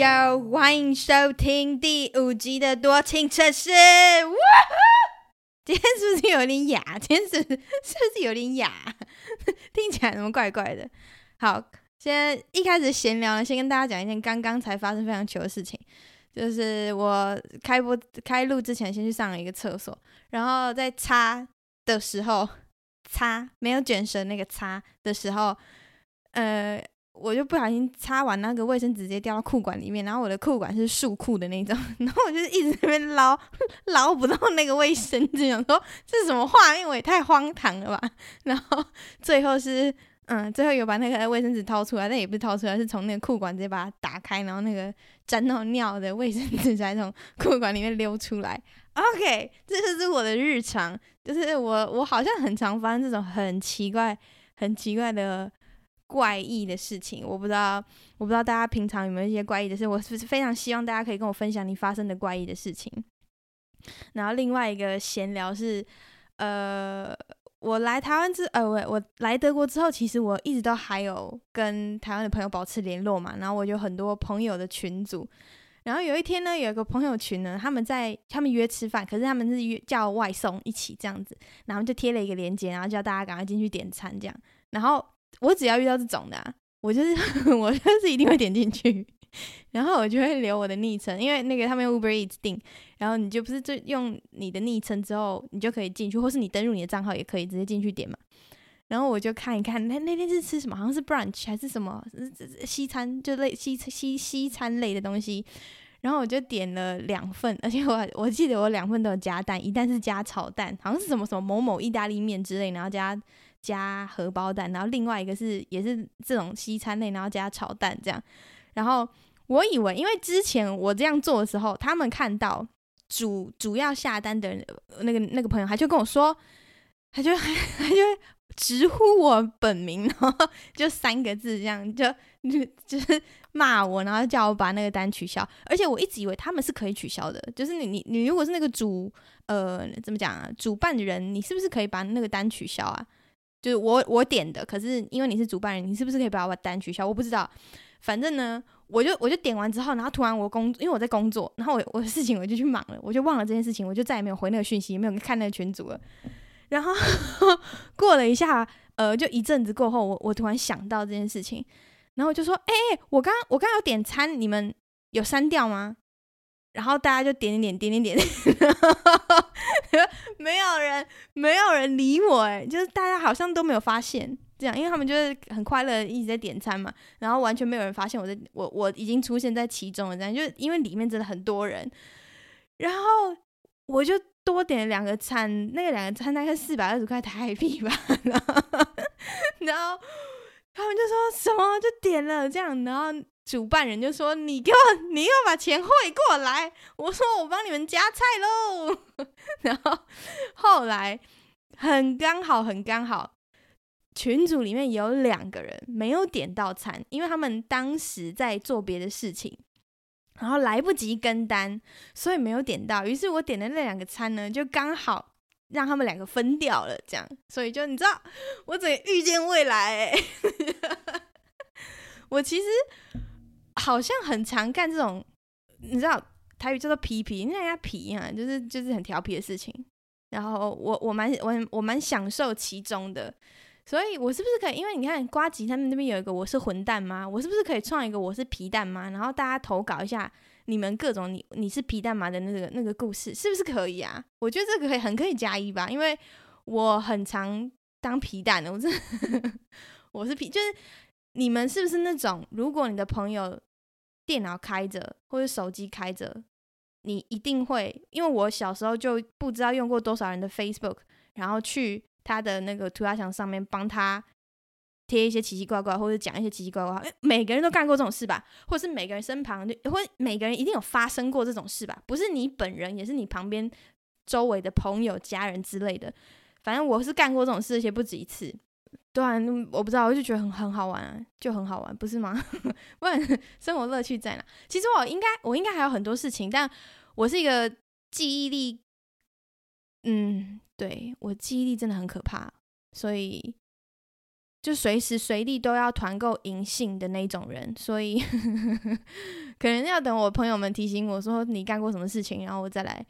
喲，歡迎收聽第五集的多情測試。哇，今天是不是有點啞？今天是不是，是，不是有點啞？聽起來怎麼怪怪的？好，先一開始閒聊，先跟大家講一件剛剛才發生非常糗的事情，就是我開播開錄之前，先去上了一個廁所，然後在擦的時候，擦沒有卷舌那個擦的時候，呃。我就不小心擦完那個衛生紙，直接掉到褲管裡面，然後我的褲管是束褲的那種，然後我就一直在那邊撈，撈不到那個衛生紙，想說這是什麼畫面，我也太荒唐了吧。然後最後是，嗯，最後有把那個衛生紙掏出來，但也不是掏出來，是從那個褲管直接把它打開，然後那個沾到尿的衛生紙才從褲管裡面溜出來。OK，這就是我的日常，就是我我好像很常發生這種很奇怪、很奇怪的。怪異的事情，我不知道，我不知道大家平常有沒有一些怪異的事，我是非常希望大家可以跟我分享你發生的怪異的事情。然後另外一個閒聊是，呃，我來台灣之，呃，我我來德國之後，其實我一直都還有跟台灣的朋友保持聯絡嘛。然後我有很多朋友的群組，然後有一天呢，有一個朋友群呢，他們在他們約吃飯，可是他們是約叫外送一起這樣子，然後就貼了一個鏈接，然後叫大家趕快進去點餐這樣，然後。我只要遇到這種的啊，我就是我就是一定會點進去，然後我就會留我的昵稱因為那個他們用 Uber Eats 定，然後你就不是就用你的昵稱之後，你就可以進去，或是你登入，你的賬號也可以直接進去點嘛。然後我就看一看，那那天是吃什麼？好像是 brunch 還是什麼西餐，就類西西西餐類的東西。然後我就點了兩份，而且我我記得我兩份都有加蛋，一蛋是加炒蛋，好像是什麼什麼某某意大利麵之類，然後加。加荷包蛋，然後另外一個是也是這種西餐類，然後加炒蛋這樣。然後我以為，因為之前我這樣做的時候，他們看到主主要下單的那個那個朋友，他就跟我說，他就他就直呼我本名，然後就三個字這樣，就就就是罵我，然後叫我把那個單取消。而且我一直以為他們是可以取消的，就是你你你如果是那個主呃怎麼講啊，主辦人，你是不是可以把那個單取消啊？就是我我點的，可是因為你是主辦人，你是不是可以把我單取消？我不知道，反正呢，我就我就點完之後，然後突然我工，因為我在工作，然後我我的事情我就去忙了，我就忘了這件事情，我就再也沒有回那個訊息，也沒有看那個群組了。然後呵呵過了一下，呃，就一陣子過後，我我突然想到這件事情，然後我就說：哎、欸、哎，我剛我剛要點餐，你們有刪掉嗎？然後大家就點點點點點點，哈哈！沒有人，沒有人理我欸，誒，就是大家好像都沒有發現這樣，因為他們就是很快樂，一直在點餐嘛，然後完全沒有人發現我在我我已經出現在其中了，這樣，就是因為裡面真的很多人，然後我就多點了兩個餐，那個兩個餐大概四百二十塊台幣吧，然後，然後，然後，他們就說什麼就點了這樣，然後。主辦人就說：“你給我，你要把錢匯過來。”我說：“我幫你們加菜嘍。 ”然後後來很剛好，很剛好，群組裡面有兩個人沒有點到餐，因為他們當時在做別的事情，然後來不及跟單，所以沒有點到。於是我點的那兩個餐呢，就剛好讓他們兩個分掉了。這樣，所以就你知道，我怎麼預見未來、欸？ 我其實。好像很常幹這種，你知道台語叫做皮皮，因為人家皮啊，就是就是很調皮的事情。然後我我蠻我我蠻享受其中的，所以我是不是可以，因為你看呱吉他們那邊有一個我是混蛋嗎？我是不是可以創一個我是皮蛋嗎？然後大家投稿一下你們各種你你是皮蛋嗎的那個那個故事，是不是可以啊？我覺得這個可以很可以加一吧，因為我很常當皮蛋的，我是 我是皮就是。你們是不是那種，如果你的朋友電腦開着或者手機開着，你一定會，因為我小時候就不知道用過多少人的 Facebook，然後去他的那個塗鴉牆上面幫他貼一些奇奇怪怪怪，或者講一些奇奇怪怪，哎，每個人都幹過這種事吧，或者是每個人身旁，或每個人一定有發生過這種事吧，不是你本人，也是你旁邊周圍的朋友、家人之類的，反正我是幹過這種事，而且不止一次。對啊，我不知道，我就覺得很很好玩啊，就很好玩，不是嗎？不然， 生活樂趣在哪？其實我應該，我應該還有很多事情，但我是一個記憶力，嗯，對，我記憶力真的很可怕，所以就隨時隨地都要團購銀杏的那種人，所以 可能要等我朋友們提醒我說你幹過什麼事情，然後我再來。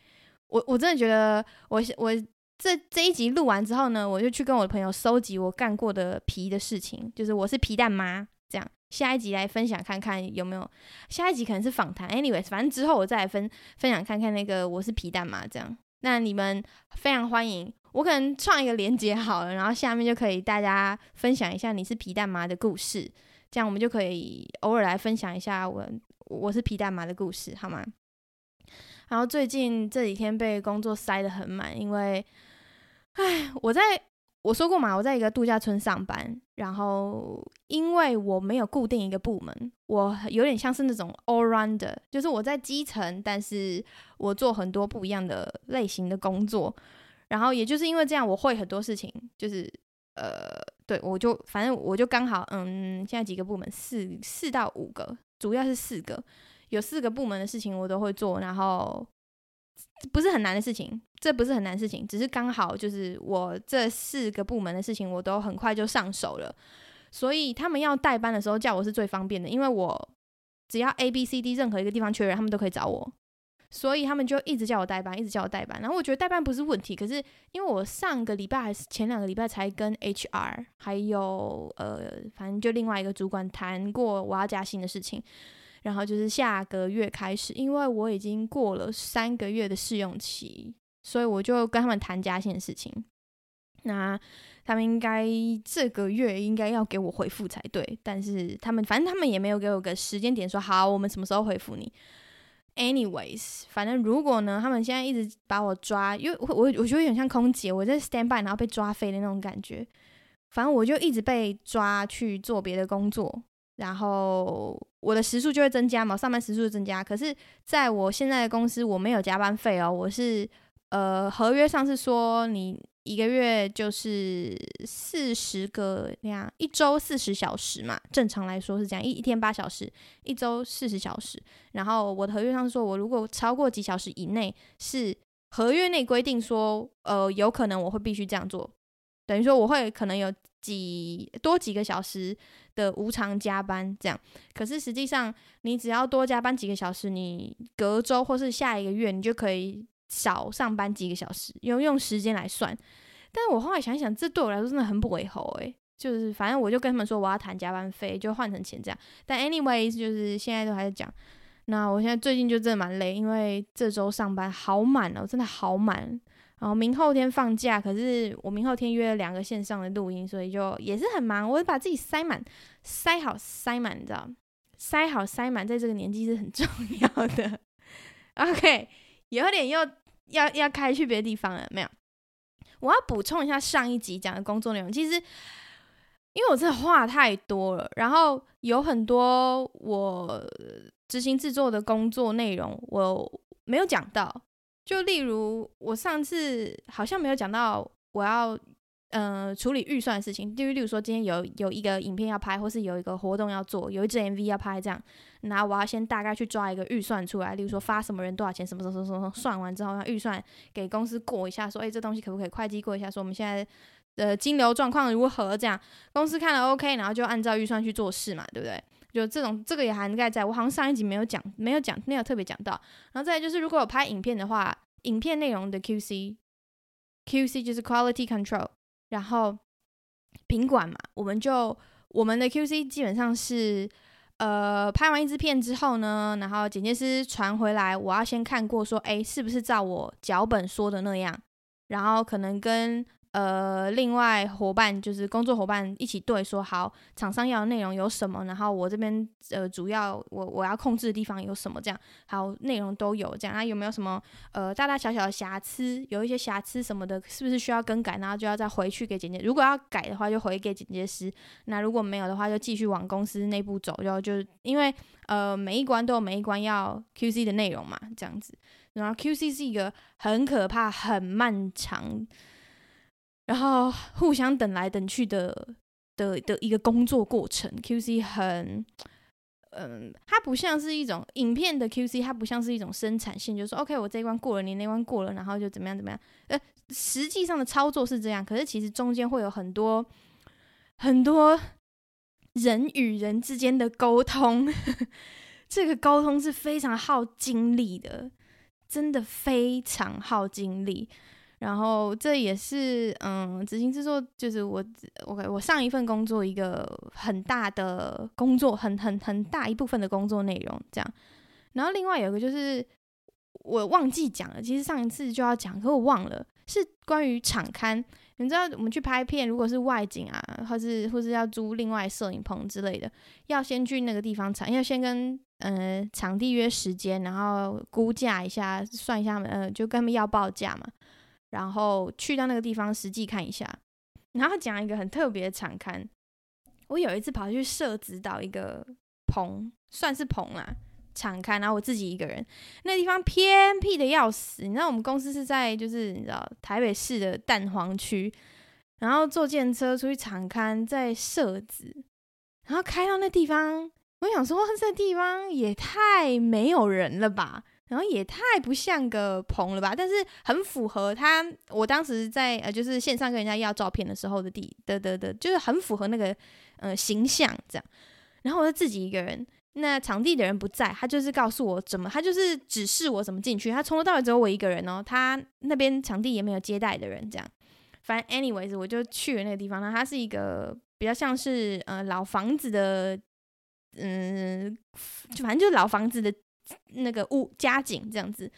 我我真的覺得我我。這這一集錄完之後呢，我就去跟我的朋友收集我幹過的皮的事情，就是我是皮蛋嗎這樣。下一集來分享看看有沒有，下一集可能是訪談。anyways，反正之後我再來分分享看看那個我是皮蛋嗎這樣。那你們非常歡迎，我可能創一個連結好了，然後下面就可以大家分享一下你是皮蛋嗎的故事，這樣我們就可以偶爾來分享一下我我是皮蛋嗎的故事好嗎？然後最近這幾天被工作塞得很滿，因為。唉，我在我說過嘛，我在一個度假村上班，然後因為我沒有固定一個部門，我有點像是那種 all rounder，就是我在基層，但是我做很多不一樣的類型的工作，然後也就是因為這樣，我會很多事情，就是呃，對我就反正我就剛好，嗯，現在幾個部門四四到五個，主要是四個，有四個部門的事情我都會做，然後。不是很難的事情，這不是很難的事情，只是剛好就是我這四個部門的事情，我都很快就上手了，所以他們要代班的時候叫我是最方便的，因為我只要 A B C D 任何一個地方缺人，他們都可以找我，所以他們就一直叫我代班，一直叫我代班。然後我覺得代班不是問題，可是因為我上個禮拜還是前兩個禮拜才跟 H R 還有呃，反正就另外一個主管談過我要加薪的事情。然後就是下個月開始，因為我已經過了三個月的試用期，所以我就跟他們談加薪的事情。那他們應該這個月應該要給我回復才對，但是他們反正他們也沒有給我個時間點說好我們什麼時候回復你。Anyways，反正如果呢，他們現在一直把我抓，因為我我我覺得有點像空姐，我在 stand by，然後被抓飛的那種感覺。反正我就一直被抓去做別的工作。然後我的時數就會增加嘛，上班時數就增加。可是在我現在的公司，我沒有加班費哦。我是呃，合約上是說你一個月就是四十個那樣，一周四十小時嘛，正常來說是這樣，一一天八小時，一周四十小時。然後我的合約上是說，我如果超過幾小時以內，是合約內規定說，呃，有可能我會必須這樣做。等於說我會可能有幾多幾個小時的無償加班這樣，可是實際上你只要多加班幾個小時，你隔周或是下一個月你就可以少上班幾個小時，用用時間來算。但我後來想想，這對我來說真的很不違和誒。就是反正我就跟他們說我要談加班費，就換成錢這樣。但 anyways，就是現在都還在講。那我現在最近就真的蠻累，因為這周上班好滿了喔，真的好滿。哦，然後明後天放假，可是我明後天約了兩個線上的錄音，所以就也是很忙。我就把自己塞滿，塞好，塞滿，你知道嗎？塞好，塞滿，在這個年紀是很重要的。OK，有點又要要開去別的地方了，有沒有？我要補充一下上一集講的工作內容，其實因為我真的話太多了，然後有很多我執行制作的工作內容我沒有講到。就例如，我上次好像沒有講到，我要嗯、呃、處理預算的事情。就例如說，今天有有一個影片要拍，或是有一個活動要做，有一支 MV 要拍，這樣，那我要先大概去抓一個預算出來。例如說，發什麼人多少錢，什麼什麼什麼什麼，算完之後讓預算給公司過一下，說，哎、欸，這東西可不可以會計過一下？說我們現在的金流狀況如何？這樣公司看了 OK，然後就按照預算去做事嘛，對不對？就這種，這個也涵蓋在。我好像上一集沒有講，沒有講，沒有特別講到。然後再就是，如果有拍影片的話，影片內容的 QC，QC 就是 Quality Control。然後，品管嘛，我們就我們的 QC 基本上是，呃，拍完一支片之後呢，然後剪接師傳回來，我要先看過，說，哎、欸，是不是照我腳本說的那樣？然後可能跟。呃，另外夥伴就是工作夥伴一起對說，好，廠商要的內容有什麼，然後我這邊呃主要我我要控制的地方有什麼，這樣好內容都有這樣，那、啊、有沒有什麼呃大大小小的瑕疵，有一些瑕疵什麼的，是不是需要更改，然後就要再回去給剪接，如果要改的話就回給剪接師，那如果沒有的話就繼續往公司內部走，就就因為呃每一關都有每一關要 QC 的內容嘛，這樣子，然後 QC 是一個很可怕、很漫長。然後互相等來等去的的的一個工作過程，QC 很，嗯，它不像是一種影片的 QC，它不像是一種生產線，就是說 OK，我這一關過了，你那一關過了，然後就怎麼樣怎麼樣，呃，實際上的操作是這樣，可是其實中間會有很多很多人與人之間的溝通，呵呵，這個溝通是非常耗精力的，真的非常耗精力。然後這也是嗯，執行製作就是我我給，我上一份工作一個很大的工作，很很很大一部分的工作內容這樣。然後另外有一個就是我忘記講了，其實上一次就要講，可我忘了，是關於場勘。你知道我們去拍片，如果是外景啊，或是或是要租另外攝影棚之類的，要先去那個地方場，要先跟呃場地約時間，然後估價一下，算一下，嗯、呃，就跟他們要報價嘛。然後去到那個地方實際看一下，然後講一個很特別的場勘，我有一次跑去社子島一個棚，算是棚啦，場勘。然後我自己一個人，那地方偏僻的要死。你知道我們公司是在就是你知道台北市的蛋黃區，然後坐電車出去場勘，在社子，然後開到那地方，我想說，這地方也太沒有人了吧。然後也太不像個棚了吧，但是很符合他。我當時在呃，就是線上跟人家要照片的時候的地得得得，就是很符合那個呃形象這樣。然後我就自己一個人，那場地的人不在，他就是告訴我怎麼，他就是指示我怎麼進去。他從頭到尾只有我一個人哦，他那邊場地也沒有接待的人這樣。反正 anyways，我就去了那個地方了。然後他是一個比較像是呃老房子的，嗯，就反正就是老房子的。那個屋家景這樣子，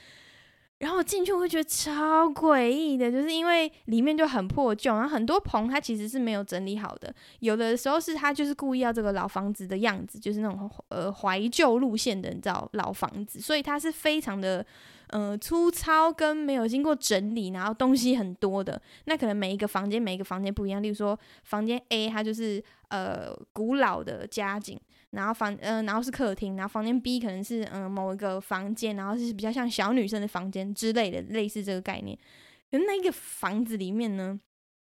然後我進去，我會覺得超詭異的，就是因為裡面就很破舊，然後很多棚它其實是沒有整理好的，有的時候是它就是故意要這個老房子的樣子，就是那種呃懷舊路線的你知道老房子，所以它是非常的嗯、呃、粗糙跟沒有經過整理，然後東西很多的。那可能每一個房間每一個房間不一樣，例如說房間 A 它就是呃古老的家景然後房，嗯、呃，然後是客廳，然後房間 B 可能是嗯、呃、某一個房間，然後是比較像小女生的房間之類的，類似這個概念。可是那一個房子裡面呢，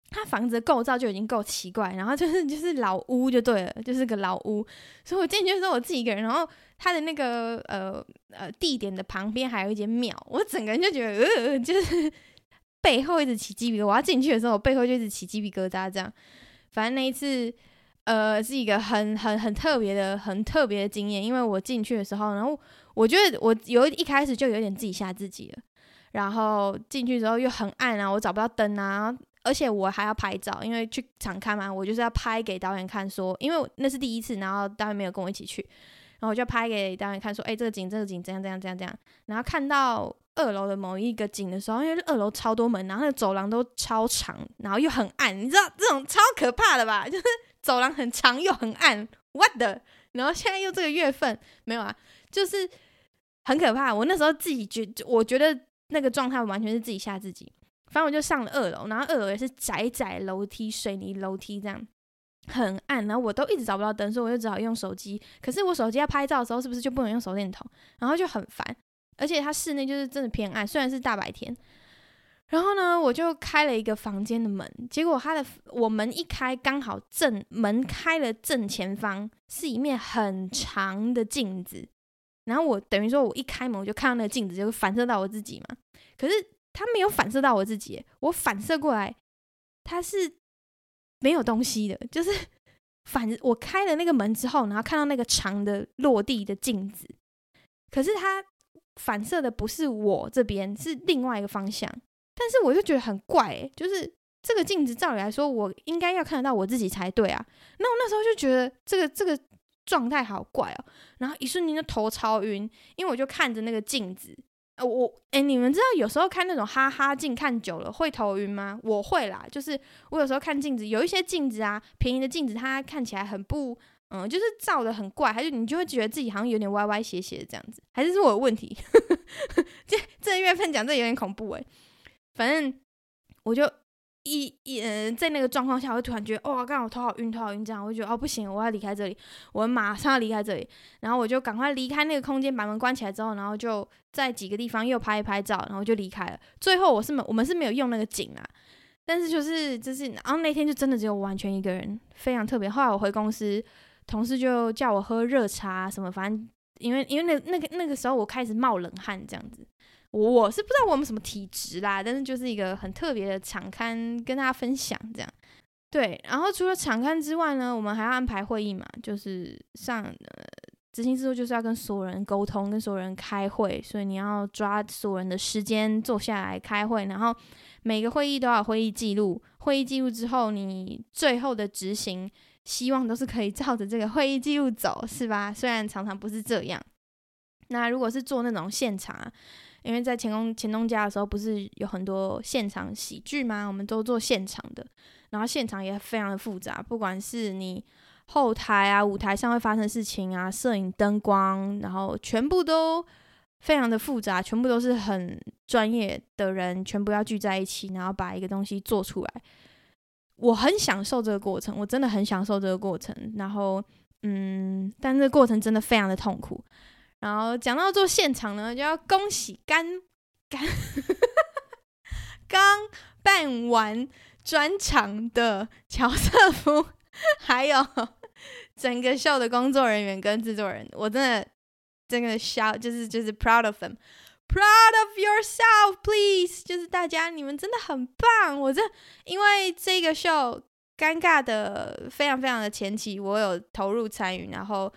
它房子的構造就已經夠奇怪，然後就是就是老屋就對了，就是個老屋。所以我進去的時候我自己一個人，然後它的那個呃呃地點的旁邊還有一間廟，我整個人就覺得呃就是背後一直起雞皮疙瘩，我要進去的時候我背後就一直起雞皮疙瘩，這樣。反正那一次。呃，是一個很很很特別的、很特別的經驗，因為我進去的時候，然後我覺得我有一，一開始就有點自己嚇自己了。然後進去之後又很暗啊，我找不到燈啊，而且我還要拍照，因為去場看嘛，我就是要拍給導演看說，說因為那是第一次，然後導演沒有跟我一起去，然後我就拍給導演看說，說、欸、哎，這個景，這個景怎樣怎樣怎樣怎樣。然後看到二樓的某一個景的時候，因為二樓超多門，然後那走廊都超長，然後又很暗，你知道這種超可怕的吧？就是。走廊很長又很暗，What the？然後現在又這個月份沒有啊，就是很可怕。我那時候自己覺，我覺得那個狀態完全是自己嚇自己。反正我就上了二樓，然後二樓也是窄窄樓梯，水泥樓梯這樣，很暗。然後我都一直找不到燈，所以我就只好用手機。可是我手機要拍照的時候，是不是就不能用手電筒？然後就很煩。而且它室內就是真的偏暗，雖然是大白天。然後呢，我就開了一個房間的門，結果他的，我門一開，剛好正，門開了正前方是一面很長的鏡子，然後我等於說，我一開門我就看到那個鏡子，就反射到我自己嘛。可是他沒有反射到我自己，我反射過來，他是沒有東西的，就是反，我開了那個門之後，然後看到那個長的落地的鏡子，可是他反射的不是我這邊，是另外一個方向。但是我就覺得很怪，欸，就是這個鏡子照理來說，我應該要看得到我自己才對啊。那我那時候就覺得這個這個狀態好怪哦，喔，然後一瞬間就頭超暈，因為我就看着那個鏡子，呃、我誒、欸，你們知道有時候看那種哈哈鏡看久了會頭暈嗎？我會啦，就是我有時候看鏡子，有一些鏡子啊，便宜的鏡子它看起來很不，嗯，就是照得很怪，還是你就會覺得自己好像有點歪歪斜斜的這樣子，還是說我的問題？ 這這月份講這有點恐怖誒、欸。反正我就一，一、呃、在那個狀況下，我就突然覺得，哇、哦，剛好我頭好暈，頭好暈，好這樣我就覺得，哦，不行，我要離開這裡，我馬上要離開這裡，然後我就趕快離開那個空間，把門關起來之後，然後就在幾個地方又拍一拍照，然後就離開了。最後我是沒，我們是沒有用那個景啊，但是就是就是，然後那天就真的只有我完全一個人，非常特別。後來我回公司，同事就叫我喝熱茶什麼，反正因為因為那那個那個時候我開始冒冷汗，這樣子。我是不知道我們什麼體質啦，但是就是一個很特別的場刊跟大家分享這樣。對，然後除了場刊之外呢，我們還要安排會議嘛，就是上呃執行制度就是要跟所有人溝通，跟所有人開會，所以你要抓所有人的時間坐下來開會，然後每個會議都要會議記錄，會議記錄之後你最後的執行希望都是可以照着這個會議記錄走，是吧？雖然常常不是這樣。那如果是做那種現場。因為在前工、前東家的時候，不是有很多現場喜劇嗎？我們都做現場的，然後現場也非常的複雜，不管是你後台啊、舞台上會發生的事情啊、攝影、燈光，然後全部都非常的複雜，全部都是很專業的人，全部要聚在一起，然後把一個東西做出來。我很享受這個過程，我真的很享受這個過程。然後，嗯，但這個過程真的非常的痛苦。然後講到做現場呢，就要恭喜剛剛剛辦完專場的喬瑟夫，還有整個秀的工作人員跟制作人，我真的真的秀，就是就是 proud of them，proud of yourself please，就是大家你們真的很棒，我這因為這個秀尷尬的非常非常的前期，我有投入參與，然後。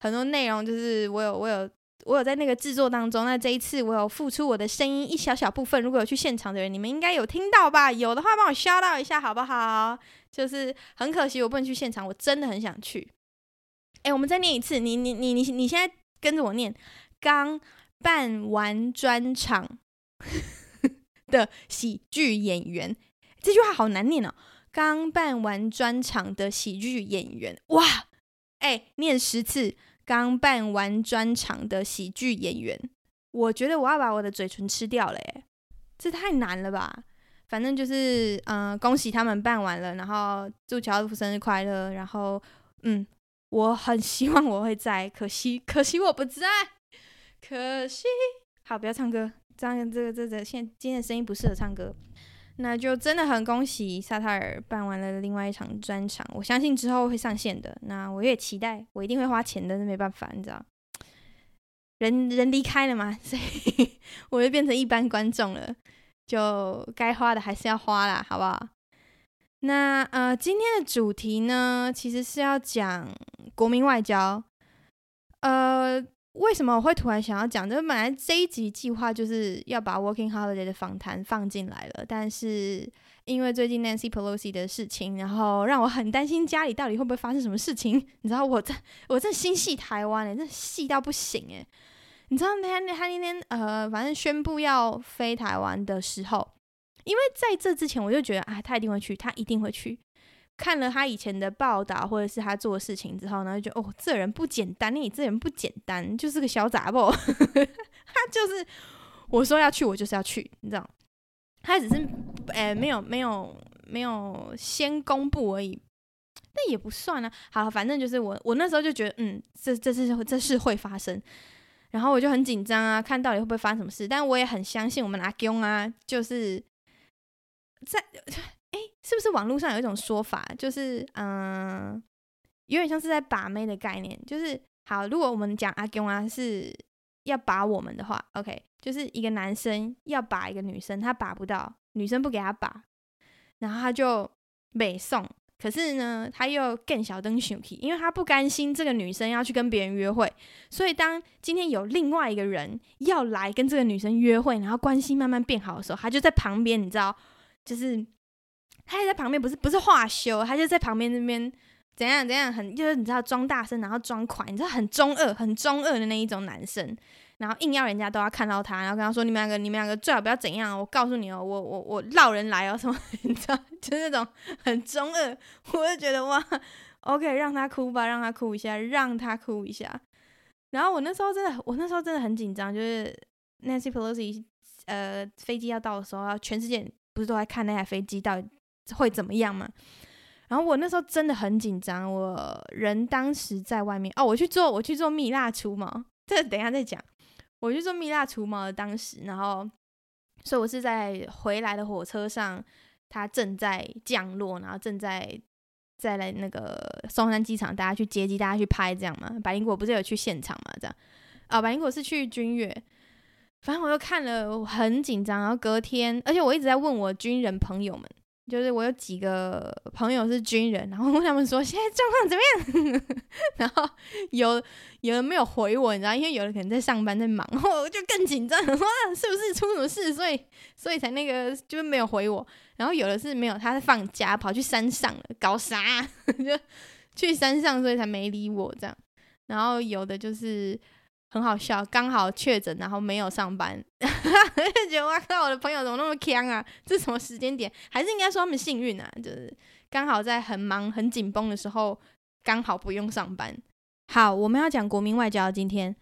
很多內容就是我有我有我有在那個製作當中。那這一次我有付出我的聲音一小小部分。如果有去現場的人，你們應該有聽到吧？有的話幫我 shout out 一下好不好？就是很可惜我不能去現場，我真的很想去。哎、欸，我們再念一次，你你你你你現在跟着我念：剛辦完專場的喜劇演員，這句話好難念哦、喔。剛辦完專場的喜劇演員，哇！哎、欸，念十次。剛辦完專場的喜劇演員，我覺得我要把我的嘴唇吃掉了耶，這太難了吧！反正就是，嗯、呃，恭喜他們辦完了，然後祝喬爾夫生日快樂，然後，嗯，我很希望我會在，可惜，可惜我不在，可惜。好，不要唱歌，這樣這個這個現在今天的聲音不適合唱歌。那就真的很恭喜薩塔爾辦完了另外一場專場，我相信之後會上線的。那我也期待，我一定會花錢的，那沒辦法，你知道，人人離開了嘛，所以 我就變成一般觀眾了，就該花的還是要花啦。好不好？那呃，今天的主題呢，其實是要講國民外交，呃。為什麼我會突然想要講？就是本來這一集計劃就是要把《Working Holiday》的訪談放進來了，但是因為最近 Nancy Pelosi 的事情，然後讓我很擔心家裡到底會不會發生什麼事情。你知道我在我在心繫台灣哎、欸，這細到不行誒、欸，你知道他他那天呃，反正宣布要飛台灣的時候，因為在這之前我就覺得啊，他一定會去，他一定會去。看了他以前的報道，或者是他做的事情之後呢，就覺得，哦，這人不簡單，你這人不簡單，就是個小雜包。 他就是我說要去，我就是要去，你知道？他只是哎、欸，沒有沒有沒有先公布而已，那也不算啊。好，反正就是我我那時候就覺得，嗯，這這這這事會，會發生，然後我就很緊張啊，看到底會不會發生什麼事？但我也很相信我們阿公啊，就是在。哎，是不是網絡上有一種說法，就是嗯、呃，有點像是在把妹的概念？就是好，如果我們講阿公啊是要把我們的話，OK，就是一個男生要把一個女生，他把不到，女生不給他把，然後他就美送。可是呢，他又更小燈 s，因為他不甘心這個女生要去跟別人約會，所以當今天有另外一個人要來跟這個女生約會，然後關係慢慢變好的時候，他就在旁邊，你知道，就是。他也在旁邊，不是不是畫修，他就在旁邊那邊怎樣怎樣，很就是你知道裝大聲，然後裝款，你知道很中二，很中二的那一種男生，然後硬要人家都要看到他，然後跟他說，你們兩個你們兩個最好不要怎樣，我告訴你哦，我我我撂人來哦什麼，你知道就是那種很中二，我就覺得哇，OK，讓他哭吧，讓他哭一下，讓他哭一下。然後我那時候真的，我那時候真的很緊張，就是 Nancy Pelosi 呃飛機要到的時候，全世界不是都在看那台飛機到。會怎麼樣嘛？然後我那時候真的很緊張，我人當時在外面哦，我去做我去做蜜蠟除毛，這等一下再講，我去做蜜蠟除毛的當時，然後，所以我是在回來的火車上，它正在降落，然後正在在來那個松山機場，大家去接機，大家去拍這樣嘛。百靈果不是有去現場嘛？這樣啊，哦，百靈果是去君悅，反正我又看了，很緊張。然後隔天，而且我一直在問我軍人朋友們。就是我有幾個朋友是軍人，然後問他們說現在狀況怎麼樣？ 然後有有人沒有回我，你知道，因為有的可能在上班在忙，然後我就更緊張，說是不是出什麼事，所以所以才那個就是沒有回我，然後有的是沒有，他在放假跑去山上了，搞啥 就去山上，所以才沒理我這樣，然後有的就是。很好笑，剛好確診，然後沒有上班，哈哈得，我的朋友怎麼那麼鏘啊？這什麼時間點？還是應該說他們幸運啊？就是剛好在很忙、很緊繃的時候，剛好不用上班。好，我們要講國民外交。今天，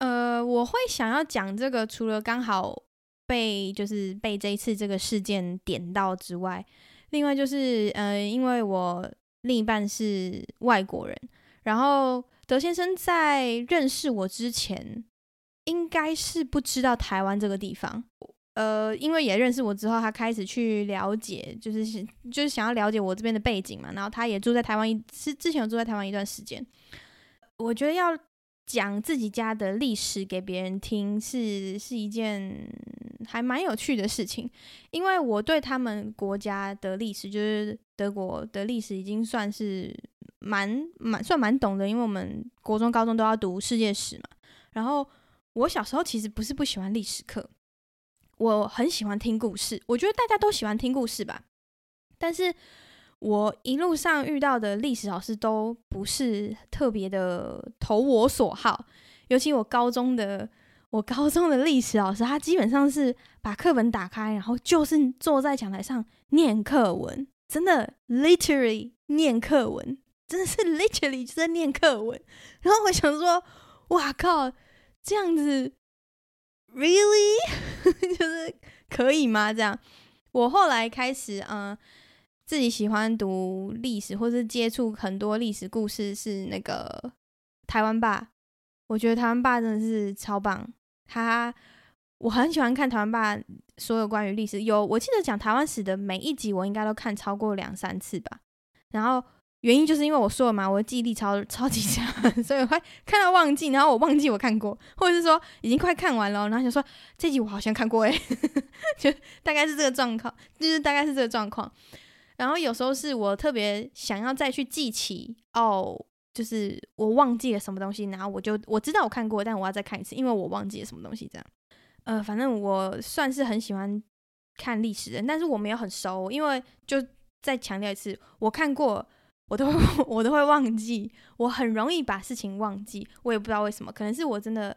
呃，我會想要講這個，除了剛好被就是被這一次這個事件點到之外，另外就是，呃，因為我另一半是外國人，然後。德先生在認識我之前，應該是不知道台灣這個地方。呃，因為也認識我之後，他開始去了解，就是就是想要了解我這邊的背景嘛。然後他也住在台灣，一是之前有住在台灣一段時間。我覺得要。講自己家的歷史給別人聽是，是一件還蠻有趣的事情，因為我對他們國家的歷史，就是德國的歷史，已經算是蠻蠻算蠻懂的，因為我們國中、高中都要讀世界史嘛。然後我小時候其實不是不喜歡歷史課，我很喜歡聽故事，我覺得大家都喜歡聽故事吧，但是我一路上遇到的歷史老師都不是特別的投我所好，尤其我高中的我高中的歷史老師，他基本上是把課本打開，然後就是坐在講台上念課文，真的 literally 念課文，真的是 literally 就在念課文。然後我想說，哇靠，這樣子 really 就是可以嗎？這樣，我後來開始嗯。自己喜歡讀歷史，或者是接觸很多歷史故事，是那個臺灣吧，我覺得臺灣吧真的是超棒，他我很喜歡看臺灣吧所有關於歷史，有我記得講台灣史的每一集，我應該都看超過兩三次吧。然後原因就是因為我說了嘛，我的記憶力超超級強，所以我會看到忘記，然後我忘記我看過，或者是說已經快看完了，然後想說這集我好像看過，欸，誒， 就大概是這個狀況，就是大概是這個狀況。然後有時候是我特別想要再去記起，哦，就是我忘記了什麼東西，然後我就我知道我看過，但我要再看一次，因為我忘記了什麼東西。這樣，呃，反正我算是很喜歡看歷史的，但是我沒有很熟，因為就再強調一次，我看過，我都我都會忘記，我很容易把事情忘記，我也不知道為什麼，可能是我真的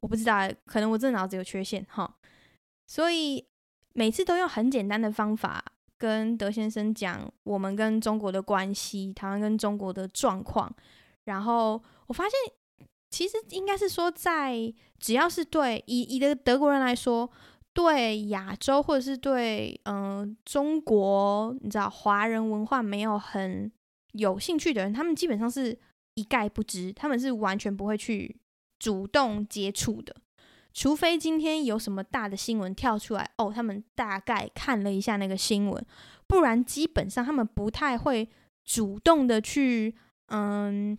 我不知道，可能我真的腦子有缺陷哈。所以每次都用很簡單的方法。跟德先生講，我們跟中國的關係，台灣跟中國的狀況。然後我發現，其實應該是說，在只要是對一一個德國人來說，對亞洲或者是對嗯、呃、中國，你知道華人文化沒有很有興趣的人，他們基本上是一概不知，他們是完全不會去主動接觸的。除非今天有什麼大的新聞跳出來哦，他們大概看了一下那個新聞，不然基本上他們不太會主動的去嗯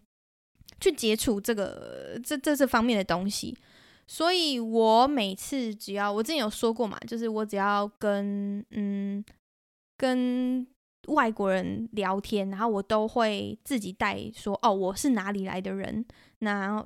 去接觸這個這這這方面的東西。所以我每次只要我之前有說過嘛，就是我只要跟嗯跟外國人聊天，然後我都會自己帶說哦，我是哪裡來的人，然後。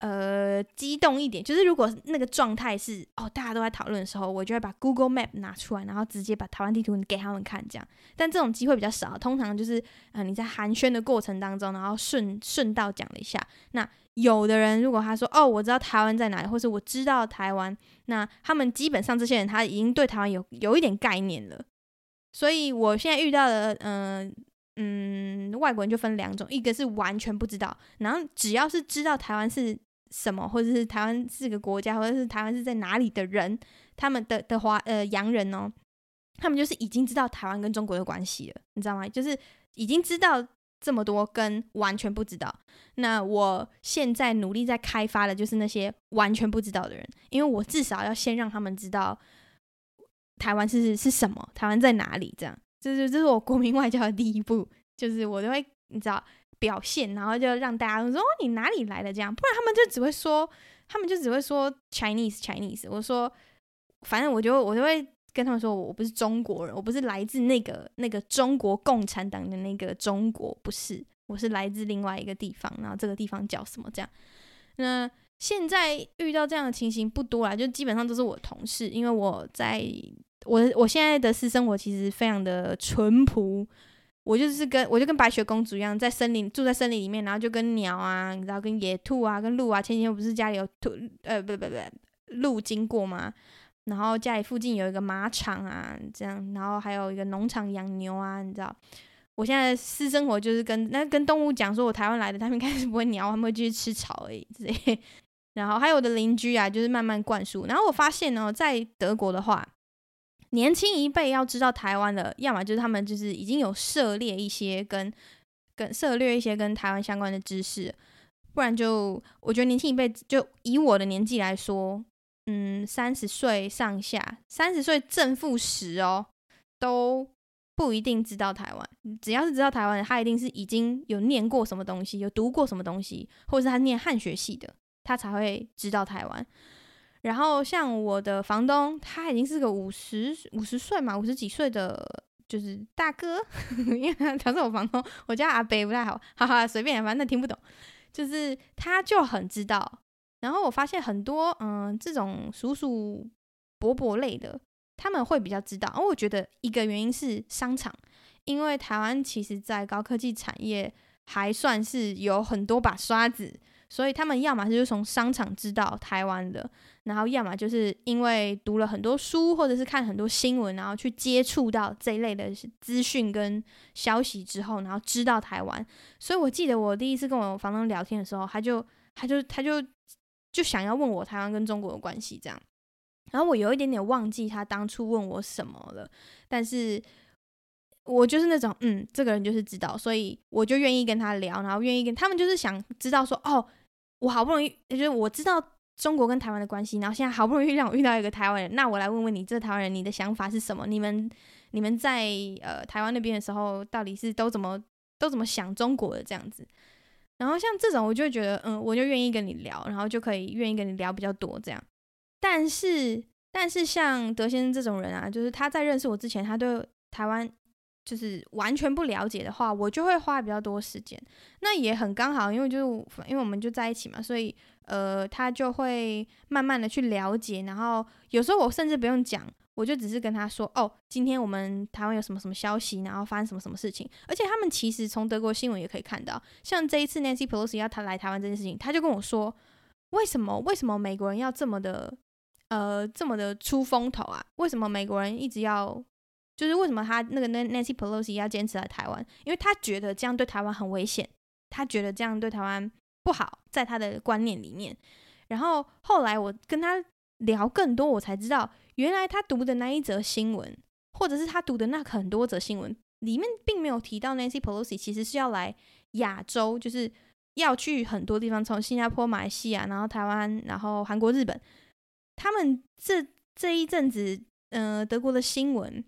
呃，激動一點，就是如果那個狀態是哦，大家都在討論的時候，我就會把 Google Map 拿出來，然後直接把台灣地圖給他們看，這樣。但這種機會比較少，通常就是嗯、呃，你在寒暄的過程當中，然後順順道講了一下。那有的人如果他說哦，我知道台灣在哪裡，或是我知道台灣，那他們基本上這些人他已經對台灣有有一點概念了。所以我現在遇到的，嗯、呃、嗯，外國人就分兩種，一個是完全不知道，然後只要是知道台灣是。什麼，或者是台灣是個國家，或者是台灣是在哪裡的人，他們的的華呃洋人哦，他們就是已經知道台灣跟中國的關係了，你知道嗎？就是已經知道這麼多，跟完全不知道。那我現在努力在開發的就是那些完全不知道的人，因為我至少要先讓他們知道台灣是是什麼，台灣在哪裡。這樣，這、就是這是我國民外交的第一步，就是我都會你知道。表現，然後就讓大家說、哦、你哪裡來的這樣，不然他們就只會說，他們就只會說 Chinese, Chinese。我說，反正我就我就會跟他們說我，我不是中國人，我不是來自那個那個中國共產黨的那個中國，不是，我是來自另外一個地方，然後這個地方叫什麼這樣。那現在遇到這樣的情形不多了，就基本上都是我同事，因為我在我我現在的私生活其實非常的淳樸。我就是跟我就跟白雪公主一樣，在森林住在森林裡面，然後就跟鳥啊，然後跟野兔啊，跟鹿啊，前幾天不是家裡有兔呃不不不，鹿經過嗎？然後家裡附近有一個馬場啊，這樣，然後還有一個農場養牛啊，你知道，我現在的私生活就是跟那跟動物講說我台灣來的，他們開始不會鳥，他們會繼續吃草而已這些。然後還有我的鄰居啊，就是慢慢灌輸。然後我發現呢、哦，在德國的話，年輕一輩要知道台灣的，要麼就是他們就是已經有涉獵一些跟跟涉獵一些跟台灣相關的知識，不然就我覺得年輕一輩就以我的年紀來說，嗯，三十歲上下，三十歲正負十哦，都不一定知道台灣。只要是知道台灣的，他一定是已經有念過什麼東西，有讀過什麼東西，或者是他念漢學系的，他才會知道台灣。然後像我的房東，他已經是個五十五十歲嘛，五十幾歲的就是大哥， 因為他是我房東，我叫阿北不太好，哈哈，隨便，反正聽不懂，就是他就很知道。然後我發現很多嗯，這種叔叔伯伯類的，他們會比較知道。我覺得一個原因是商場，因為台灣其實，在高科技產業還算是有很多把刷子。所以他們要麼就是從商場知道台灣的，然後要麼就是因為讀了很多書，或者是看很多新聞，然後去接觸到這一類的資訊跟消息之後，然後知道台灣。所以我記得我第一次跟我房東聊天的時候，他就他就他就他就，就想要問我台灣跟中國的關係這樣。然後我有一點點忘記他當初問我什麼了，但是我就是那種嗯，這個人就是知道，所以我就願意跟他聊，然後願意跟他們就是想知道說哦。我好不容易，就是我知道中國跟台灣的關係，然後現在好不容易讓我遇到一個台灣人，那我來問問你，這台灣人你的想法是什麼？你們你們在呃台灣那邊的時候，到底是都怎麼都怎麼想中國的這樣子？然後像這種，我就會覺得，嗯，我就願意跟你聊，然後就可以願意跟你聊比較多這樣。但是但是像德先生這種人啊，就是他在認識我之前，他對台灣，就是完全不了解的話，我就會花比較多時間。那也很剛好，因為就是因為我們就在一起嘛，所以呃，他就會慢慢的去了解。然後有時候我甚至不用講，我就只是跟他說哦，今天我們台灣有什麼什麼消息，然後發生什麼什麼事情。而且他們其實從德國新聞也可以看到，像這一次 Nancy Pelosi 要他來台灣這件事情，他就跟我說，為什麼為什麼美國人要這麼的，呃，這麼的出風頭啊？為什麼美國人一直要？就是為什麼他那個那 Nancy Pelosi 要堅持來台灣？因為他覺得這樣對台灣很危險，他覺得這樣對台灣不好，在他的觀念裡面。然後後來我跟他聊更多，我才知道，原來他讀的那一則新聞，或者是他讀的那很多則新聞裡面，並沒有提到 Nancy Pelosi 其實是要來亞洲，就是要去很多地方，從新加坡、馬來西亞，然後台灣，然後韓國、日本。他們這這一陣子，嗯、呃，德國的新聞。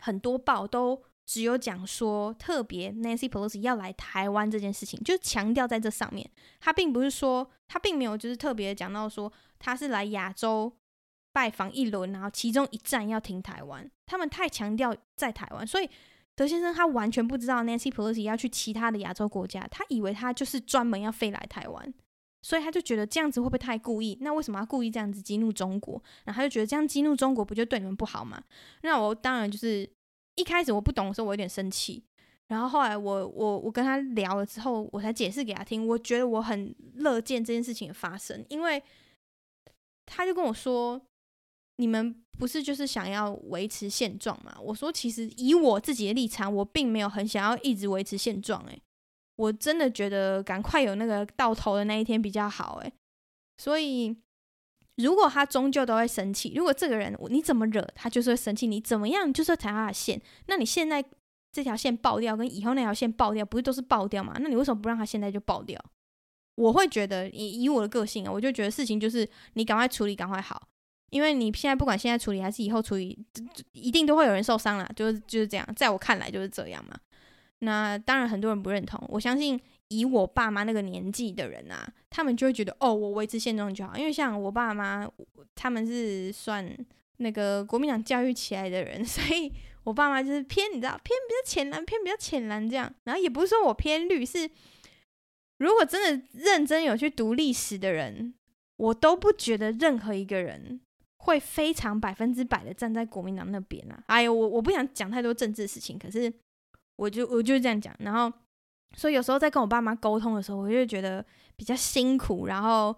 很多報都只有講說特別 Nancy Pelosi 要來台灣這件事情，就強調在這上面。他並不是說他並沒有就是特別講到說他是來亞洲拜訪一輪，然後其中一站要停台灣。他們太強調在台灣，所以德先生他完全不知道 Nancy Pelosi 要去其他的亞洲國家，他以為他就是專門要飛來台灣。所以他就覺得這樣子會不會太故意？那為什麼要故意這樣子激怒中國？然後他就覺得這樣激怒中國不就對你們不好嗎？那我當然就是一開始我不懂的時候，我有點生氣。然後後來我我我跟他聊了之後，我才解釋給他聽。我覺得我很樂見這件事情的發生，因為他就跟我說，你們不是就是想要維持現狀嗎？我說其實以我自己的立場，我並沒有很想要一直維持現狀，欸。誒。我真的覺得趕快有那個到頭的那一天比較好誒，所以如果他終究都會生氣，如果這個人你怎麼惹他就是會生氣，你怎麼樣就是踩他的線，那你現在這條線爆掉，跟以後那條線爆掉，不是都是爆掉嘛？那你為什麼不讓他現在就爆掉？我會覺得以以我的個性啊，我就覺得事情就是你趕快處理，趕快好，因為你現在不管現在處理還是以後處理，一定都會有人受傷啦，就是就是這樣，在我看來就是這樣嘛。那當然，很多人不認同。我相信，以我爸媽那個年紀的人啊，他們就會覺得，哦，我維持現狀就好。因為像我爸媽，他們是算那個國民黨教育起來的人，所以我爸媽就是偏，你知道，偏比較淺藍，偏比較淺藍這樣。然後也不是說我偏綠，是如果真的認真有去讀歷史的人，我都不覺得任何一個人會非常百分之百的站在國民黨那邊啊。哎呦，我我不想講太多政治的事情，可是。我就我就是這樣講，然後所以有時候在跟我爸媽溝通的時候，我就覺得比較辛苦。然後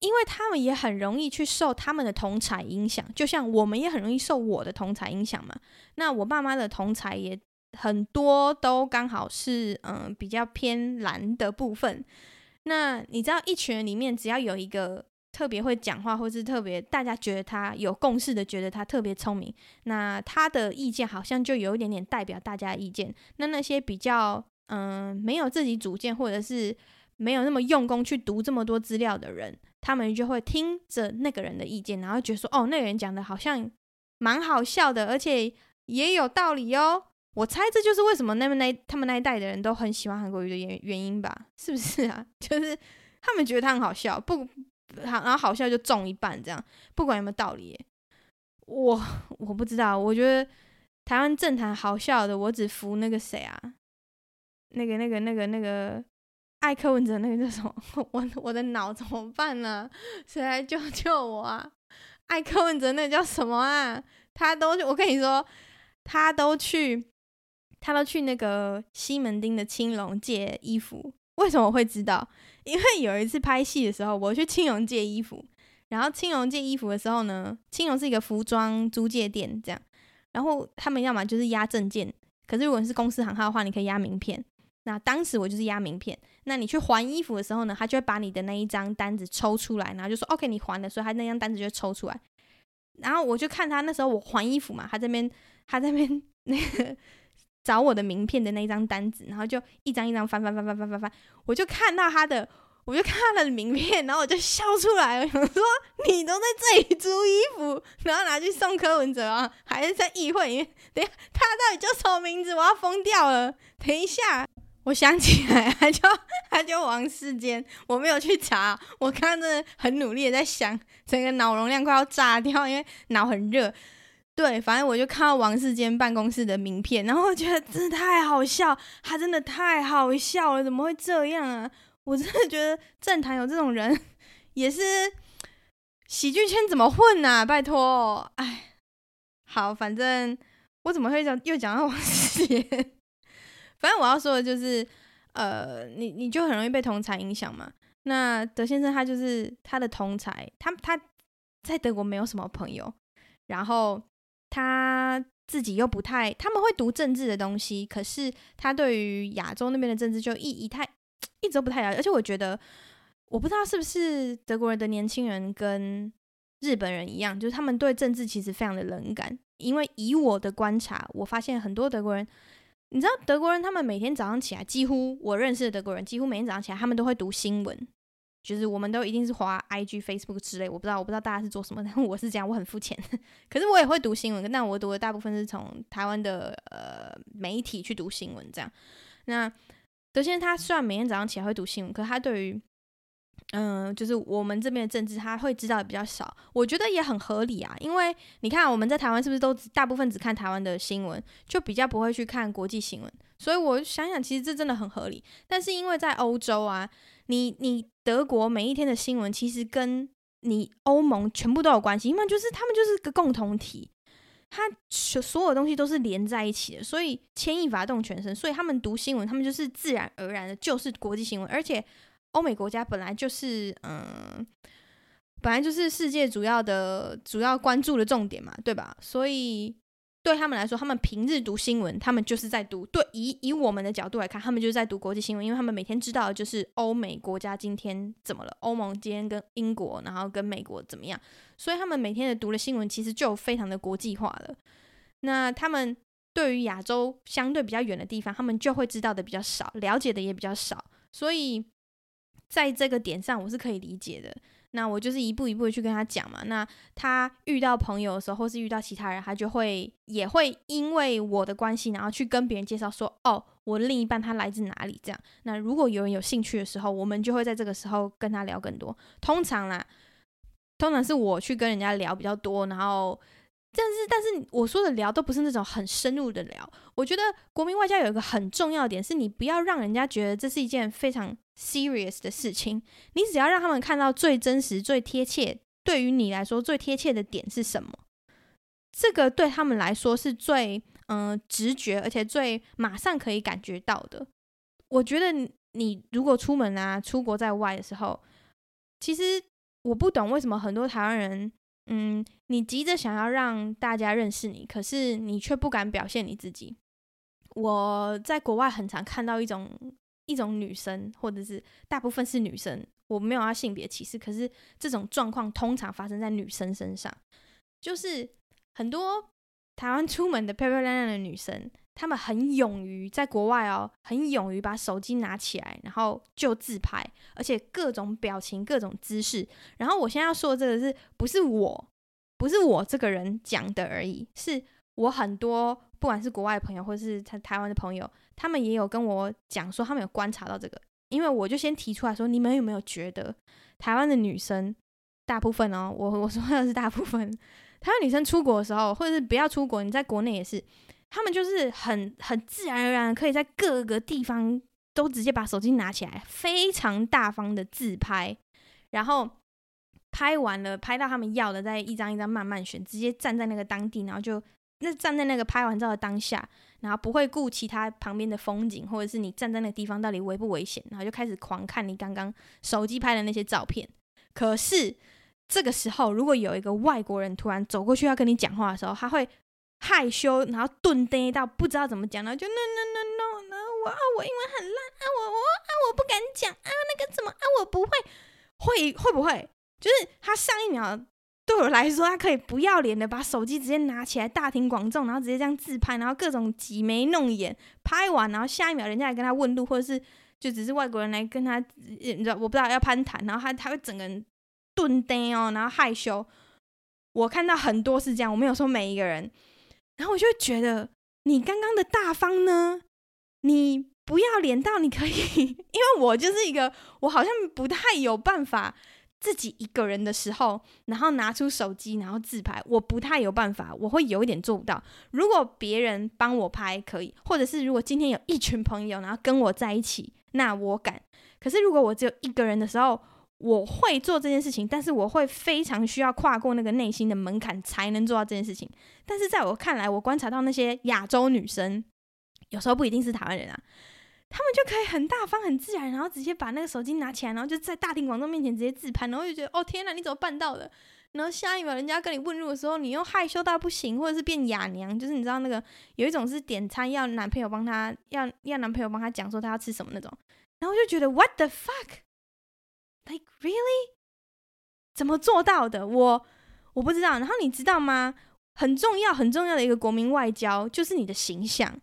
因為他們也很容易去受他們的同儕影響，就像我們也很容易受我的同儕影響嘛。那我爸媽的同儕也很多都剛好是嗯、呃、比較偏藍的部分。那你知道一群人裡面只要有一個。特別會講話，或是特別大家覺得他有共識的，覺得他特別聰明，那他的意見好像就有一點點代表大家意見。那那些比較嗯沒有自己主見，或者是沒有那麼用功去讀這麼多資料的人，他們就會聽着那個人的意見，然後覺得說哦，那個人講的好像蠻好笑的，而且也有道理哦。我猜這就是為什麼那邊那他們那一代的人都很喜歡韓國瑜的原原因吧？是不是啊？就是他們覺得他很好笑，不。好，然後好笑就中一半這樣，不管有沒有道理，我我不知道，我覺得台灣政壇好笑的，我只服那個誰啊？那個那個那個那個艾柯文哲，那個叫什麼？我我的腦怎麼辦呢？誰來救救我啊？艾柯文哲那個叫什麼啊？他都，我跟你說，他都去，他都去那個西門町的青龍借衣服，為什麼我會知道？因為有一次拍戲的時候，我去青龍借衣服，然後青龍借衣服的時候呢，青龍是一個服裝租借店，這樣，然後他們要麼就是押證件，可是如果是公司行號的話，你可以押名片。那當時我就是押名片。那你去還衣服的時候呢，他就會把你的那一張單子抽出來，然後就說 “OK，你還了”，所以他那張單子就抽出來。然後我就看他那時候我還衣服嘛，他這邊，他這邊那個。 找我的名片的那一張單子，然後就一張一張翻翻翻翻翻翻，我就看到他的，我就看了他的名片，然後我就笑出來了，我說你都在這裡租衣服，然後拿去送柯文哲啊，還是在議會裡面？等一下，他到底叫什麼名字？我要瘋掉了！等一下，我想起來，他叫，他叫王世堅，我沒有去查，我剛剛真的很努力的在想，整個腦容量快要炸掉，因為腦很熱。對，反正我就看到王世堅辦公室的名片，然後我覺得真的太好笑，他真的太好笑了，怎麼會這樣啊？我真的覺得政壇有這種人，也是喜劇圈怎麼混啊？拜托，哎，好，反正我怎麼會又講到王世堅？反正我要說的就是，呃，你你就很容易被同儕影響嘛。那德先生他就是他的同儕，他他在德國沒有什麼朋友，然後。他自己又不太，他們會讀政治的東西，可是他對於亞洲那邊的政治就一一太，一直都不太了解。而且我覺得，我不知道是不是德國人的年輕人跟日本人一樣，就是他們對政治其實非常的冷感。因為以我的觀察，我發現很多德國人，你知道德國人他們每天早上起來，幾乎我認識的德國人，幾乎每天早上起來他們都會讀新聞。就是我們都一定是滑 IG、Facebook 之類，我不知道，我不知道大家是做什麼。但我是這樣，我很膚淺， 可是我也會讀新聞，但我讀的大部分是從台灣的呃媒體去讀新聞這樣。那德先生他雖然每天早上起來會讀新聞，可是他對於嗯、呃，就是我們這邊的政治，他會知道的比較少。我覺得也很合理啊，因為你看我們在台灣是不是都只大部分只看台灣的新聞，就比較不會去看國際新聞。所以我想想，其實這真的很合理。但是因為在歐洲啊。你你德國每一天的新聞其實跟你歐盟全部都有關係，因為就是他們就是個共同體，它所有的東西都是連在一起的，所以牽一發動全身，所以他們讀新聞，他們就是自然而然的就是國際新聞，而且歐美國家本來就是嗯、呃，本來就是世界主要的主要關注的重點嘛，對吧？所以。對他們來說，他們平日讀新聞，他們就是在讀。對，以以我們的角度來看，他們就是在讀國際新聞，因為他們每天知道的就是歐美國家今天怎麼了，歐盟今天跟英國，然後跟美國怎麼樣。所以他們每天的讀的新聞其實就非常的國際化了。那他們對於亞洲相對比較遠的地方，他們就會知道的比較少，了解的也比較少。所以在這個點上，我是可以理解的。那我就是一步一步的去跟他講嘛。那他遇到朋友的時候，或是遇到其他人，他就會也會因為我的關係，然後去跟別人介紹說：“哦，我另一半他來自哪裡。”這樣。那如果有人有興趣的時候，我們就會在這個時候跟他聊更多。通常啦，通常是我去跟人家聊比較多，然後，但是但是我說的聊都不是那種很深入的聊。我覺得國民外交有一個很重要的點，是你不要讓人家覺得這是一件非常。Serious 的事情，你只要讓他們看到最真實、最貼切，對於你來說最貼切的點是什麼？這個對他們來說是最嗯、呃、直覺，而且最馬上可以感覺到的。我覺得你，你如果出門啊、出國在外的時候，其實我不懂為什麼很多台灣人，嗯，你急着想要讓大家認識你，可是你卻不敢表現你自己。我在國外很常看到一種。一種女生，或者是大部分是女生，我沒有要性別歧視，可是這種狀況通常發生在女生身上，就是很多台灣出門的漂漂亮亮的女生，她們很勇於在國外哦、喔，很勇於把手機拿起來，然後就自拍，而且各種表情、各種姿勢。然後我現在要說的這個是不是我？不是我這個人講的而已，是我很多不管是國外朋友，或者是台灣的朋友。他們也有跟我講說，他們有觀察到這個，因為我就先提出來說，你們有沒有覺得台灣的女生大部分哦，我我說的是大部分台灣女生出國的時候，或者是不要出國，你在國內也是，他們就是很很自然而然可以在各個地方都直接把手機拿起來，非常大方的自拍，然後拍完了，拍到他們要的，再一張一張慢慢選，直接站在那個當地，然後就。那站在那個拍完照的當下，然後不會顧其他旁邊的風景，或者是你站在那個地方到底危不危險，然後就開始狂看你剛剛手機拍的那些照片。可是這個時候，如果有一個外國人突然走過去要跟你講話的時候，他會害羞，然後鈍一到不知道怎麼講，然後就 no no no no，no, no, no, 我我英文很爛啊，我我啊我，我不敢講啊，那個怎麼啊我不會會會不會？就是他上一秒。對我來說，他可以不要臉的把手機直接拿起來，大庭廣眾，然後直接這樣自拍，然後各種擠眉弄眼。拍完，然後下一秒人家來跟他問路，或者是就只是外國人來跟他，你知道我不知道要攀談，然後他他會整個人頓呆哦，然後害羞。我看到很多是這樣，我沒有說每一個人。然後我就覺得，你剛剛的大方呢，你不要臉到你可以，因為我就是一個，我好像不太有辦法。自己一個人的時候，然後拿出手機，然後自拍，我不太有辦法，我會有一點做不到。如果別人幫我拍可以，或者是如果今天有一群朋友，然後跟我在一起，那我敢。可是如果我只有一個人的時候，我會做這件事情，但是我會非常需要跨過那個內心的門檻才能做到這件事情。但是在我看來，我觀察到那些亞洲女生，有時候不一定是台灣人啊。他們就可以很大方、很自然，然後直接把那個手機拿起來，然後就在大庭廣眾面前直接自拍，然後就覺得哦天吶，你怎麼辦到的？然後下一秒人家跟你問路的時候，你又害羞到不行，或者是變啞娘，就是你知道那個有一種是點餐要男朋友幫他，要要男朋友幫他講說他要吃什麼那種，然後我就覺得 What the fuck？Like really？怎麼做到的？我我不知道。然後你知道嗎？很重要、很重要的一個國民外交就是你的形象。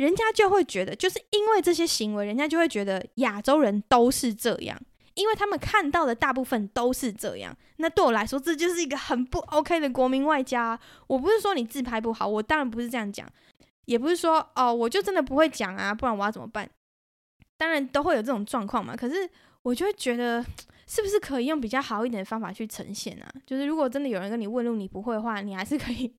人家就會覺得，就是因為這些行為，人家就會覺得亞洲人都是這樣，因為他們看到的大部分都是這樣。那對我來說，這就是一個很不 OK 的國民外交啊。我不是說你自拍不好，我當然不是這樣講，也不是說哦，我就真的不會講啊，不然我要怎麼辦？當然都會有這種狀況嘛。可是我就會覺得，是不是可以用比較好一點的方法去呈現啊？就是如果真的有人跟你問路，你不會的話，你還是可以。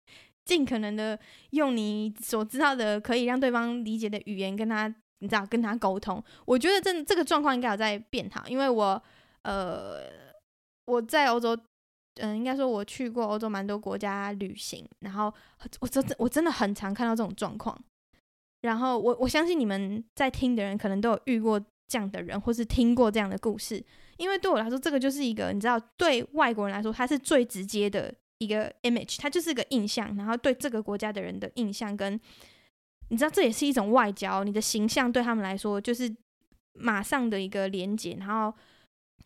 盡可能的用你所知道的可以讓對方理解的語言跟他，你知道跟他溝通。我覺得這這個狀況應該有在變好，因為我呃我在歐洲，嗯、呃，應該說我去過歐洲蠻多國家旅行，然後我真我真的很常看到這種狀況。然後我我相信你們在聽的人可能都有遇過這樣的人，或是聽過這樣的故事，因為對我來說，這個就是一個你知道對外國人來說，他是最直接的。一個 image，它就是一個印象，然後對這個國家的人的印象跟，跟你知道，這也是一種外交。你的形象對他們來說，就是馬上的一個連結，然後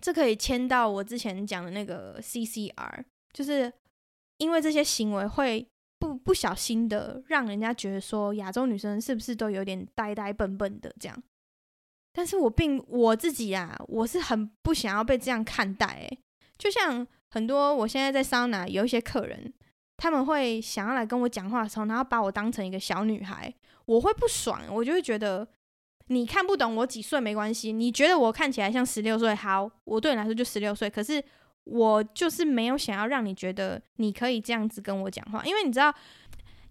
這可以牽到我之前講的那個 CCR，就是因為這些行為會不不小心的讓人家覺得說，亞洲女生是不是都有點呆呆笨笨的這樣？但是我並我自己啊，我是很不想要被這樣看待、欸，誒，就像。很多我現在在桑拿，有一些客人，他們會想要來跟我講話的時候，然後把我當成一個小女孩，我會不爽，我就會覺得你看不懂我幾歲沒關係，你覺得我看起來像十六歲好，我對你來說就十六歲，可是我就是沒有想要讓你覺得你可以這樣子跟我講話，因為你知道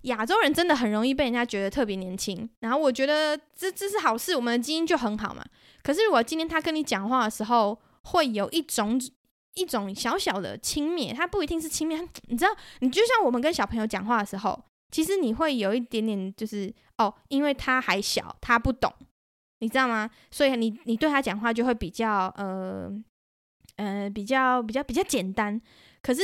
亞洲人真的很容易被人家覺得特別年輕，然後我覺得這這是好事，我們的基因就很好嘛。可是如果今天他跟你講話的時候，會有一種。一種小小的輕蔑，他不一定是輕蔑，你知道？你就像我們跟小朋友講話的時候，其實你會有一點點，就是哦，因為他還小，他不懂，你知道嗎？所以你你對他講話就會比較呃呃比較比較比較簡單。可是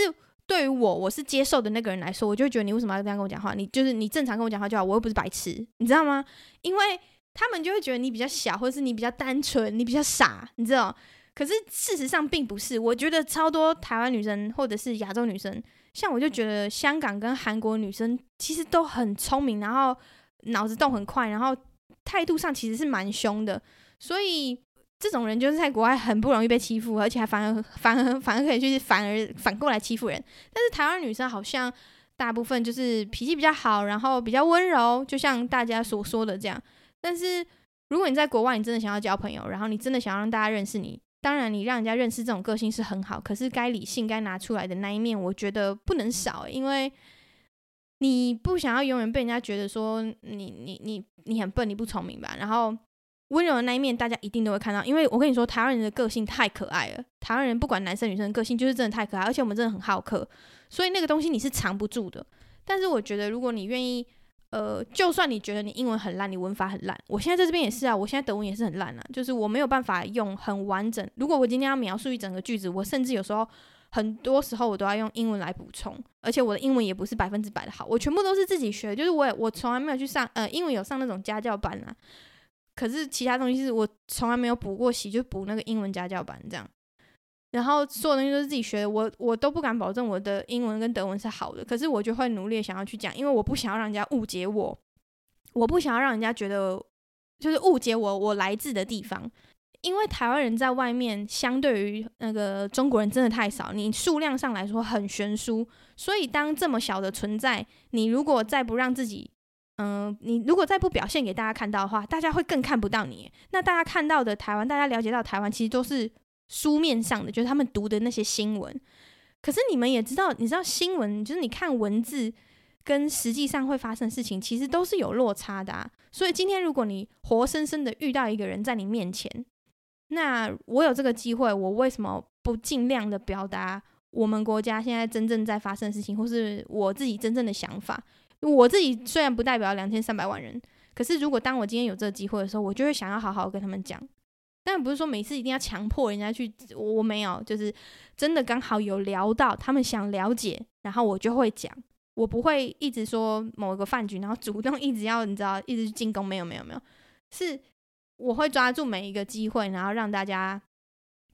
對於我，我是接受的那個人來說，我就覺得你為什麼要這樣跟我講話？你就是你正常跟我講話就好，我又不是白痴，你知道嗎？因為他們就會覺得你比較小，或者是你比較單純，你比較傻，你知道。可是事實上並不是，我覺得超多台灣女生或者是亞洲女生，像我就覺得香港跟韓國女生其實都很聰明，然後腦子動很快，然後態度上其實是蠻凶的，所以這種人就是在國外很不容易被欺負，而且還反而反而反而可以去反而反過來欺負人。但是台灣女生好像大部分就是脾氣比較好，然後比較溫柔，就像大家所說的這樣。但是如果你在國外，你真的想要交朋友，然後你真的想要讓大家認識你。當然，你讓人家認識這種個性是很好，可是該理性該拿出來的那一面，我覺得不能少，因為你不想要永遠被人家覺得說你你你你很笨，你不聰明吧？然後溫柔的那一面，大家一定都會看到，因為我跟你說，台灣人的個性太可愛了，台灣人不管男生女生的個性就是真的太可愛，而且我們真的很好客，所以那個東西你是藏不住的。但是我覺得，如果你願意。呃，就算你覺得你英文很爛，你文法很爛，我現在在這邊也是啊，我現在德文也是很爛啊，就是我沒有辦法用很完整。如果我今天要描述一整個句子，我甚至有時候很多時候我都要用英文來補充，而且我的英文也不是百分之百的好，我全部都是自己學，就是我也，我從來沒有去上，呃，英文有上那種家教班啊，可是其他東西是我從來沒有補過習，就補那個英文家教班這樣。然後所有東西都是自己學的，我我都不敢保證我的英文跟德文是好的，可是我就會努力想要去講，因為我不想要讓人家誤解我，我不想要讓人家覺得就是誤解我我來自的地方，因為台灣人在外面相對於那個中國人真的太少，你數量上來說很懸殊，所以當這麼小的存在，你如果再不讓自己，嗯、呃，你如果再不表現給大家看到的話，大家會更看不到你。那大家看到的台灣，大家了解到台灣，其實都是。書面上的，就是他們讀的那些新聞。可是你們也知道，你知道新聞就是你看文字跟實際上會發生的事情，其實都是有落差的啊。所以今天如果你活生生的遇到一個人在你面前，那我有這個機會，我為什麼不盡量的表達我們國家現在真正在發生的事情，或是我自己真正的想法？我自己雖然不代表兩千三百萬人，可是如果當我今天有這個機會的時候，我就會想要好好跟他們講。但不是說每次一定要強迫人家去我，我沒有，就是真的剛好有聊到他們想了解，然後我就會講，我不會一直說某個飯局，然後主動一直要你知道一直進攻，沒有沒有沒有，是我會抓住每一個機會，然後讓大家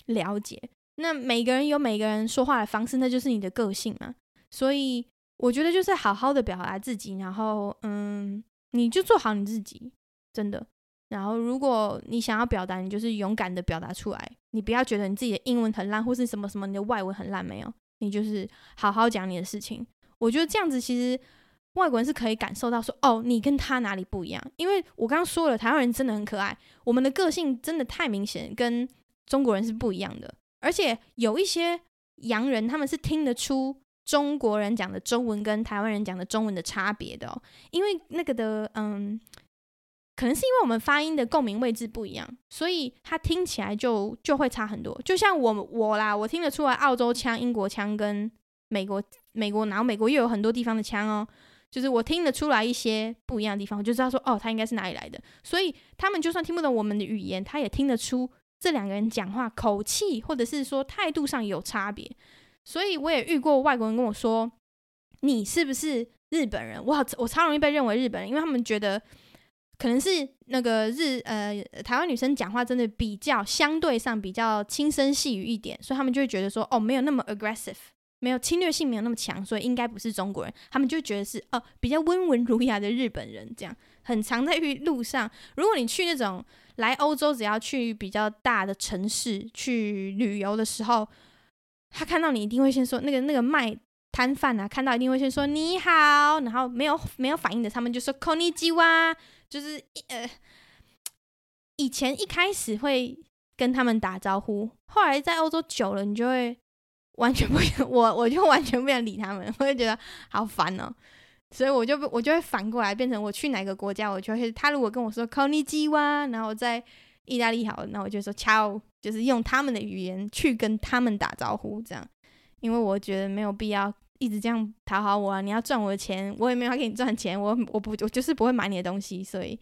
了解。那每個人有每個人說話的方式，那就是你的個性嘛。所以我覺得就是好好的表達自己，然後嗯，你就做好你自己，真的。然後，如果你想要表達，你就是勇敢地表達出來。你不要覺得你自己的英文很爛，或是什麼什麼，你的外文很爛，沒有。你就是好好講你的事情。我覺得這樣子，其實外國人是可以感受到說，哦，你跟他哪裡不一樣。因為我剛剛說了，台灣人真的很可愛，我們的個性真的太明顯，跟中國人是不一樣的。而且有一些洋人，他們是聽得出中國人講的中文跟台灣人講的中文的差別的哦。因為那個的，嗯。可能是因為我們發音的共鳴位置不一樣，所以他聽起來就就會差很多。就像我我啦，我聽得出來澳洲腔、英國腔跟美國美國，然後美國又有很多地方的腔哦，就是我聽得出來一些不一樣的地方，我就知道說哦，他應該是哪裡來的。所以他們就算聽不懂我們的語言，他也聽得出這兩個人講話口氣或者是說態度上有差別。所以我也遇過外國人跟我說：“你是不是日本人？”我好，我超容易被認為日本人，因為他們覺得。可能是那個日、呃，台灣女生講話真的比較相對上比較輕聲細語一點，所以他們就會覺得說哦，沒有那麼 aggressive，沒有侵略性，沒有那麼強，所以應該不是中國人，他們就覺得是哦，比較溫文儒雅的日本人這樣。很常在於路上，如果你去那種來歐洲，只要去比較大的城市去旅遊的時候，他看到你一定會先說那個那個賣攤販啊，看到一定會先說你好，然後沒有沒有反應的，他們就說こんにちは。就是一呃，以前一開始會跟他們打招呼，後來在歐洲久了，你就會完全不，我我就完全不想理他們，我就覺得好煩哦、喔。所以我就我就會反過來變成，我去哪個國家，我就會，他如果跟我說 Konichiwa 然後在意大利好，那我就說 Ciao 就是用他們的語言去跟他們打招呼，這樣，因為我覺得沒有必要。一直這樣討好我啊！你要賺我的錢，我也沒有要給你賺錢。我我不我就是不會買你的東西。所以，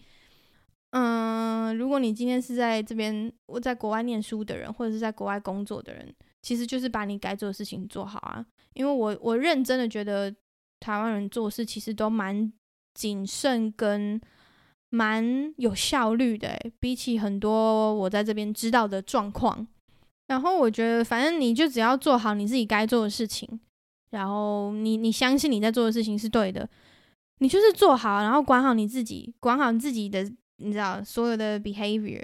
嗯，如果你今天是在這邊我在國外唸書的人，或者是在國外工作的人，其實就是把你該做的事情做好啊。因為我我認真的覺得，台灣人做事其實都蠻謹慎跟蠻有效率的，欸，比起很多我在這邊知道的狀況。然後我覺得，反正你就只要做好你自己該做的事情。然後你你相信你在做的事情是對的，你就是做好，然後管好你自己，管好你自己的，你知道所有的 behavior，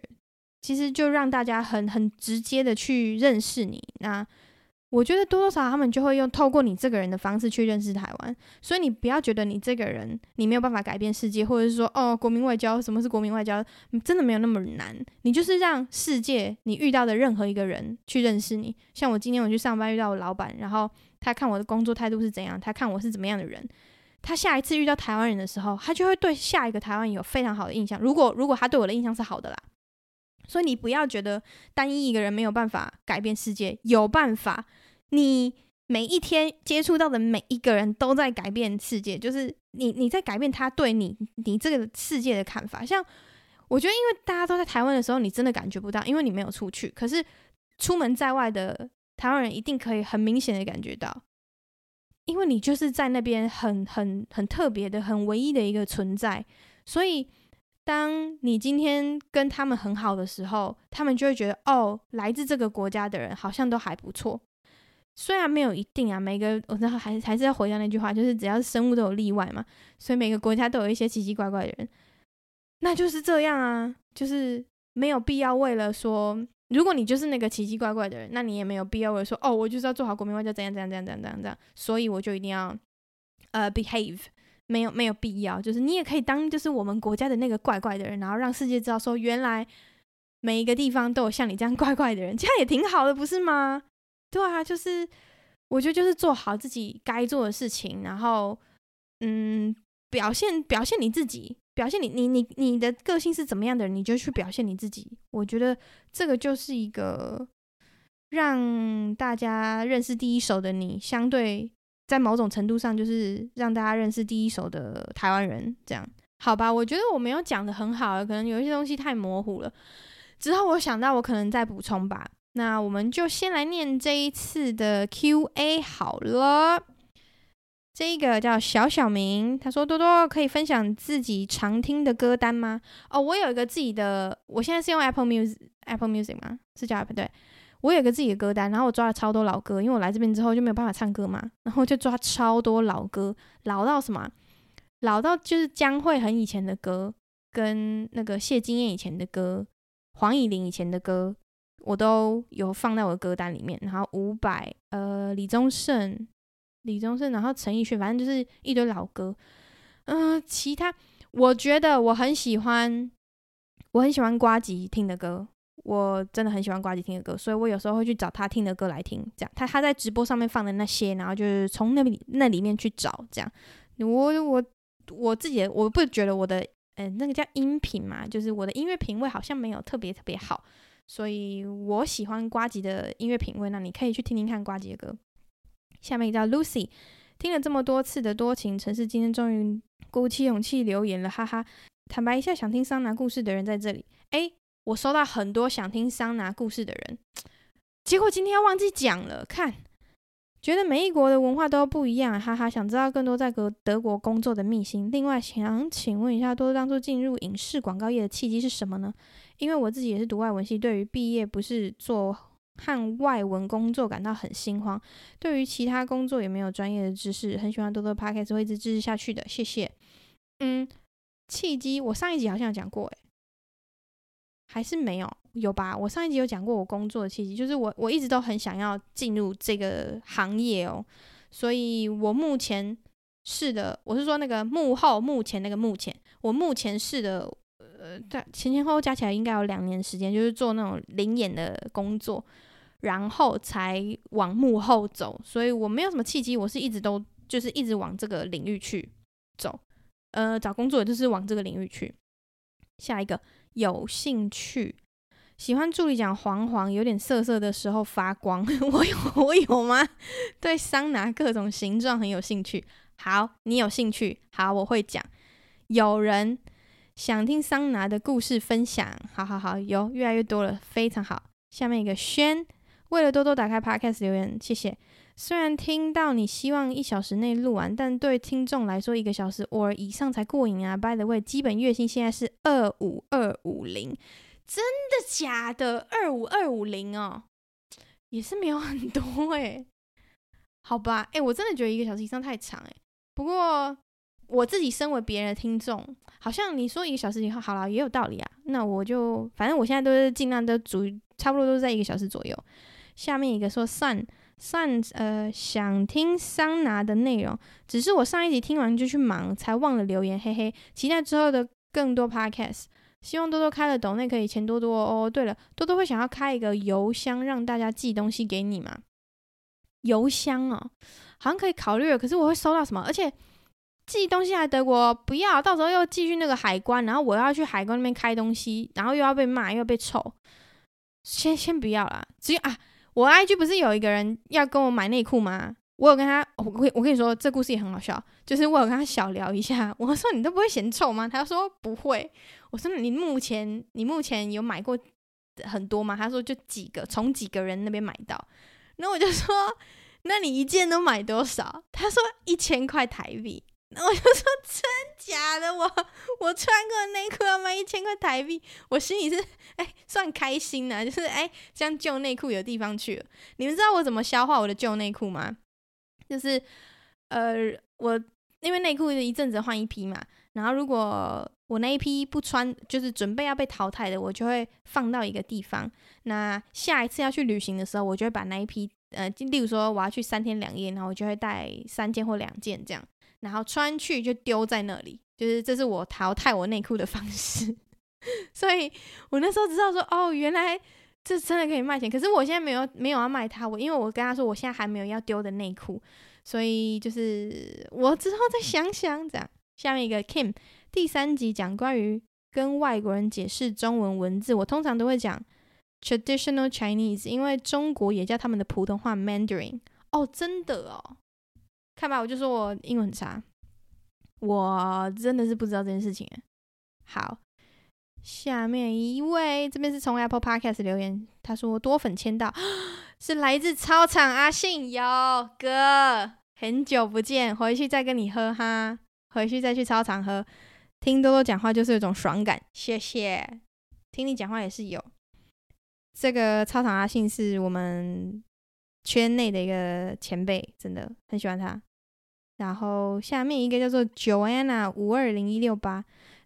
其實就讓大家很很直接的去認識你。那我覺得多多少少他們就會用透過你這個人的方式去認識台灣。所以你不要覺得你這個人你沒有辦法改變世界，或者是說哦，國民外交什麼是國民外交，真的沒有那麼難。你就是讓世界你遇到的任何一個人去認識你。像我今天我去上班遇到我老闆，然後。他看我的工作態度是怎樣，他看我是怎麼樣的人，他下一次遇到台灣人的時候，他就會對下一個台灣人有非常好的印象。如果如果他對我的印象是好的啦，所以你不要覺得單一一個人沒有辦法改變世界，有辦法。你每一天接觸到的每一個人都在改變世界，就是你你在改變他對你你這個世界的看法。像我覺得，因為大家都在台灣的時候，你真的感覺不到，因為你沒有出去。可是出門在外的。台灣人一定可以很明顯的感覺到，因為你就是在那邊很很很特別的，很唯一的一個存在，所以當你今天跟他們很好的時候，他們就會覺得哦，來自這個國家的人好像都還不錯。雖然沒有一定啊，每個我知道還是還是要回到那句話，就是只要是生物都有例外嘛，所以每個國家都有一些奇奇怪怪的人，那就是這樣啊，就是沒有必要為了說。如果你就是那個奇奇怪怪的人，那你也沒有必要會說哦，我就是要做好國民外交，怎樣怎樣怎樣怎樣怎樣怎樣，所以我就一定要呃，uh，behave，沒有沒有必要，就是你也可以當就是我們國家的那個怪怪的人，然後讓世界知道說，原來每一個地方都有像你這樣怪怪的人，這樣也挺好的，不是嗎？對啊，就是我覺得就是做好自己該做的事情，然後嗯，表現表現你自己。表現你你你你的個性是怎麼樣的，你就去表現你自己。我覺得這個就是一個讓大家認識第一手的你，相對在某種程度上就是讓大家認識第一手的台灣人，這樣好吧？我覺得我沒有講得很好，可能有一些東西太模糊了。之後我想到我可能再補充吧。那我們就先來念這一次的 Q&A 好了。這一個叫小小明，他說多多可以分享自己常聽的歌單嗎？哦，我有一個自己的，我現在是用 Apple Music, Apple Music，Apple Music 嗎？是叫 Apple 對。我有一個自己的歌單，然後我抓了超多老歌，因為我來這邊之後就沒有辦法唱歌嘛，然後就抓超多老歌，老到什麼、啊？老到就是江蕙很以前的歌，跟那個謝金燕以前的歌，黃乙玲以前的歌，我都有放在我的歌單裡面。然後伍佰、呃，李宗盛。李宗盛，然後陳奕迅，反正就是一堆老歌。嗯、呃，其他我覺得我很喜歡，我很喜歡呱吉聽的歌，我真的很喜歡呱吉聽的歌，所以我有時候會去找他聽的歌來聽。這樣，他他在直播上面放的那些，然後就是從那裡那裡面去找。這樣，我我我自己，我不覺得我的，嗯，那個叫音頻嘛，就是我的音樂品味好像沒有特別特別好，所以我喜歡呱吉的音樂品味。那你可以去聽聽看呱吉的歌。下面叫 Lucy，聽了這麼多次的多情城市，今天終於鼓起勇氣留言了，哈哈。坦白一下，想聽桑拿故事的人在這裡。誒，我收到很多想聽桑拿故事的人，結果今天要忘記講了，看。覺得每一國的文化都不一樣，哈哈。想知道更多在德德國工作的秘辛。另外想請問一下，多多當初進入影視廣告業的契機是什麼呢？因為我自己也是讀外文系，對於畢業不是做。和外文工作感到很心慌，對於其他工作也沒有專業的知識，很喜歡多多 podcast，會一直支持下去的，謝謝。嗯，契機，我上一集好像有講過、欸，還是沒有，有吧？我上一集有講過我工作的契機，就是我我一直都很想要進入這個行業哦，所以我目前是的，我是說那個幕後目前那個目前我目前是的，呃，在前前後後加起來應該有兩年時間，就是做那種臨演的工作。然後才往幕後走，所以我沒有什麼契機，我是一直都就是一直往這個領域去走。呃，找工作就是往這個領域去。下一個，有興趣，喜歡助理講黃黃，有點色色的時候發光， 我有我有嗎？ 對桑拿各種形狀很有興趣。好，你有興趣？好，我會講。有人想聽桑拿的故事分享？好好好，有越來越多了，非常好。下面一個宣。為了多多打開 Podcast 留言，謝謝。雖然聽到你希望一小時內錄完，但對聽眾來說，一個小時或以上才過癮啊。By the way，基本月薪現在是二五二五零，真的假的？二五二五零哦，也是沒有很多誒、欸。好吧，誒、欸，我真的覺得一個小時以上太長誒、欸。不過我自己身為別人的聽眾，好像你說一個小時以後好了，也有道理啊。那我就反正我現在都是盡量都煮，差不多都是在一個小時左右。下面一個說桑桑呃，想聽桑拿的內容，只是我上一集聽完就去忙，才忘了留言，嘿嘿。期待之後的更多 podcast，希望多多開了抖內可以錢多多哦。對了，多多會想要開一個郵箱讓大家寄東西給你嘛？郵箱哦，好像可以考慮了，可是我會收到什麼？而且寄東西來德國，不要，到時候又寄去那個海關，然後我要去海關那邊開東西，然後又要被罵，又要被臭。先先不要啦，直接啊。我 IG 不是有一個人要跟我買內褲嗎？我有跟他，我我跟你說，這故事也很好笑，就是我有跟他小聊一下，我說，你都不會嫌臭嗎？他說不會。我說你目前你目前有買過很多嗎？他就說就幾個，從幾個人那邊買到。那我就說，那你一件都買多少？他說一千塊台幣。我就說，真假的？我，我穿過內褲要賣一千塊台幣，我心裡是哎算開心啦、啊，就是哎像舊內褲有地方去。你們知道我怎麼消化我的舊內褲嗎？就是呃，我因為內褲一陣子換一批嘛，然後如果我那一批不穿，就是準備要被淘汰的，我就會放到一個地方。那下一次要去旅行的時候，我就會把那一批呃，例如說我要去三天兩夜，然後我就會帶三件或兩件這樣。然後穿去就丟在那裡，就是這是我淘汰我內褲的方式。 所以我那時候知道說，哦，原來這真的可以賣錢。可是我現在沒有沒有要賣它，我因為我跟他說我現在還沒有要丟的內褲，所以就是我之後再想想這樣。下面一個 Kim 第三集講關於跟外國人解釋中文文字，我通常都會講 traditional Chinese，因為中國也叫他們的普通話 Mandarin。哦，真的哦？看吧，我就說我英文很差，我真的是不知道這件事情。好，下面一位，這邊是從 Apple Podcast 留言，他說多粉簽到，是來自操場阿信，喲，哥，很久不見，回去再跟你喝哈，回去再去操場喝，聽多多講話就是有一種爽感，謝謝，聽你講話也是有。這個操場阿信是我們圈內的一個前輩，真的很喜歡他。然後下面一個叫做 Joanna 五二零一六八，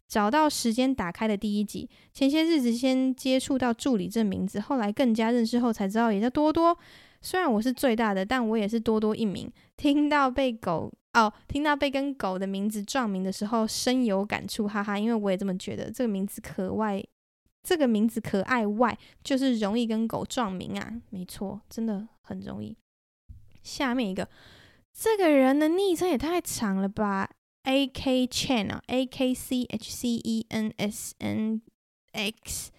找到時間打開的第一集。前些日子先接觸到助理這名字，後來更加認識後才知道，也叫多多。雖然我是最大的，但我也是多多一名。聽到被狗哦，聽到被跟狗的名字撞名的時候，深有感觸，哈哈，因為我也這麼覺得。這個名字可愛，這個名字可愛外，就是容易跟狗撞名啊，沒錯，真的很容易。下面一個。這個人的昵稱也太長了吧？AK Channel，A K Chen 啊，A K C H E N S N X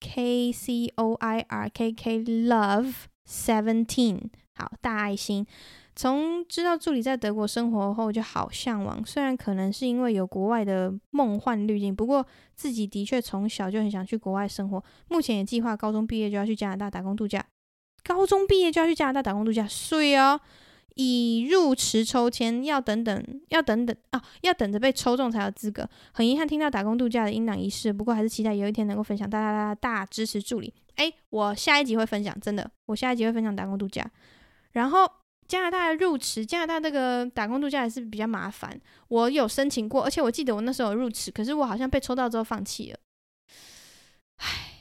K C O I R K K Love Seventeen，好大愛心。從知道助理在德國生活後，就好向往。雖然可能是因為有國外的夢幻濾鏡，不過自己的確從小就很想去國外生活。目前也計劃高中畢業就要去加拿大打工度假。高中畢業就要去加拿大打工度假，衰啊！已入池抽籤，要等等，要等等啊、哦，要等着被抽中才有資格。很遺憾聽到打工度假的陰囊儀式，不過還是期待有一天能夠分享。噠噠噠噠，大支持助理，哎、欸，我下一集會分享，真的，我下一集會分享打工度假。然後加拿大的入池，加拿大這個打工度假還是比較麻煩。我有申請過，而且我記得我那時候入池，可是我好像被抽到之後放棄了。唉，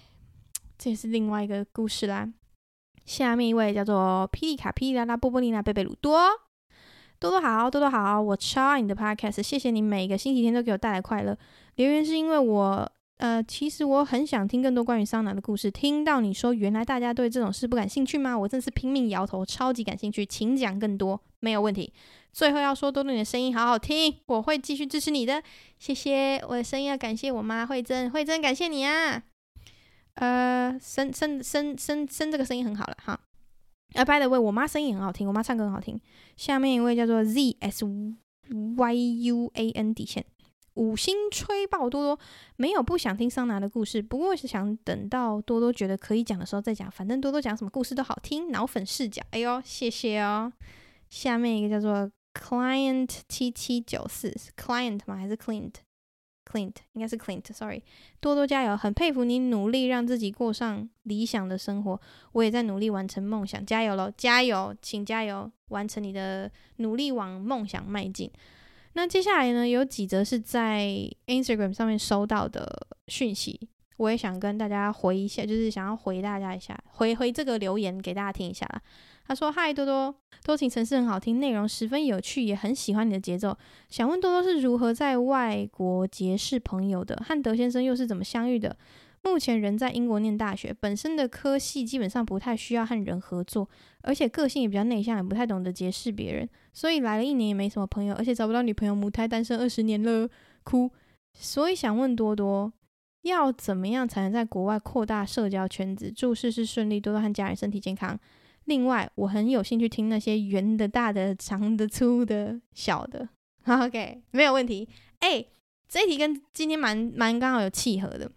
這也是另外一個故事啦。下面一位叫做霹靂卡霹靂拉拉波波尼娜貝貝魯多多多好，多多好，我超愛你的 podcast，謝謝你每個星期天都給我帶來快樂。留言是因為我，呃，其實我很想聽更多關於桑拿的故事。聽到你說原來大家對這種事不感興趣嗎？我真是拼命搖頭，超級感興趣，請講更多，沒有問題。最後要說多多你的聲音好好聽，我會繼續支持你的，謝謝。我的聲音要感謝我媽慧珍，慧珍感謝你啊。呃，聲聲聲聲聲這個聲音很好了哈。呃、uh, by the way，我媽聲音也很好聽，我媽唱歌很好聽。下面一位叫做 zsyuan，底線五星吹爆多多，沒有不想聽桑拿的故事，不過是想等到多多覺得可以講的時候再講。反正多多講什麼故事都好聽，腦粉視角。哎呦，謝謝哦。下面一個叫做 client 七七九四，client 嗎還是 cleaned？Clint 應該是 Clint，Sorry，多多加油，很佩服你努力讓自己過上理想的生活，我也在努力完成夢想，加油咯，加油，請加油，完成你的努力往夢想邁進。那接下來呢，有幾則是在 Instagram 上面收到的訊息，我也想跟大家回一下，就是想要回大家一下，回回這個留言給大家聽一下啦。他說：“嗨，多多，多情城市很好聽，內容十分有趣，也很喜歡你的節奏。想問多多是如何在外國結識朋友的？和德先生又是怎麼相遇的？目前人在英國念大學，本身的科系基本上不太需要和人合作，而且個性也比較內向，也不太懂得結識別人，所以來了一年也沒什麼朋友，而且找不到女朋友，母胎單身二十年了，哭。所以想問多多，要怎麼樣才能在國外擴大社交圈子？祝事事順利，多多和家人身體健康。”另外，我很有興趣聽那些圓的、大的、長的、粗的、小的。OK，沒有問題。哎、欸，這一題跟今天蠻蠻剛好有契合的。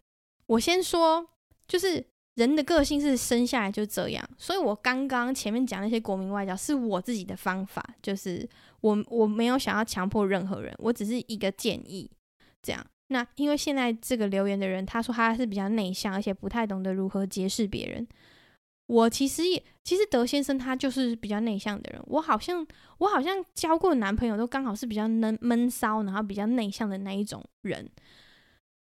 我先說，就是人的個性是生下來就這樣，所以我剛剛前面講那些國民外交是我自己的方法，就是我我沒有想要強迫任何人，我只是一個建議。這樣，那因為現在這個留言的人，他說他是比較內向，而且不太懂得如何結識別人。我其實也，其實德先生他就是比較內向的人。我好像，我好像交過男朋友都剛好是比較悶悶騷，然後比較內向的那一種人。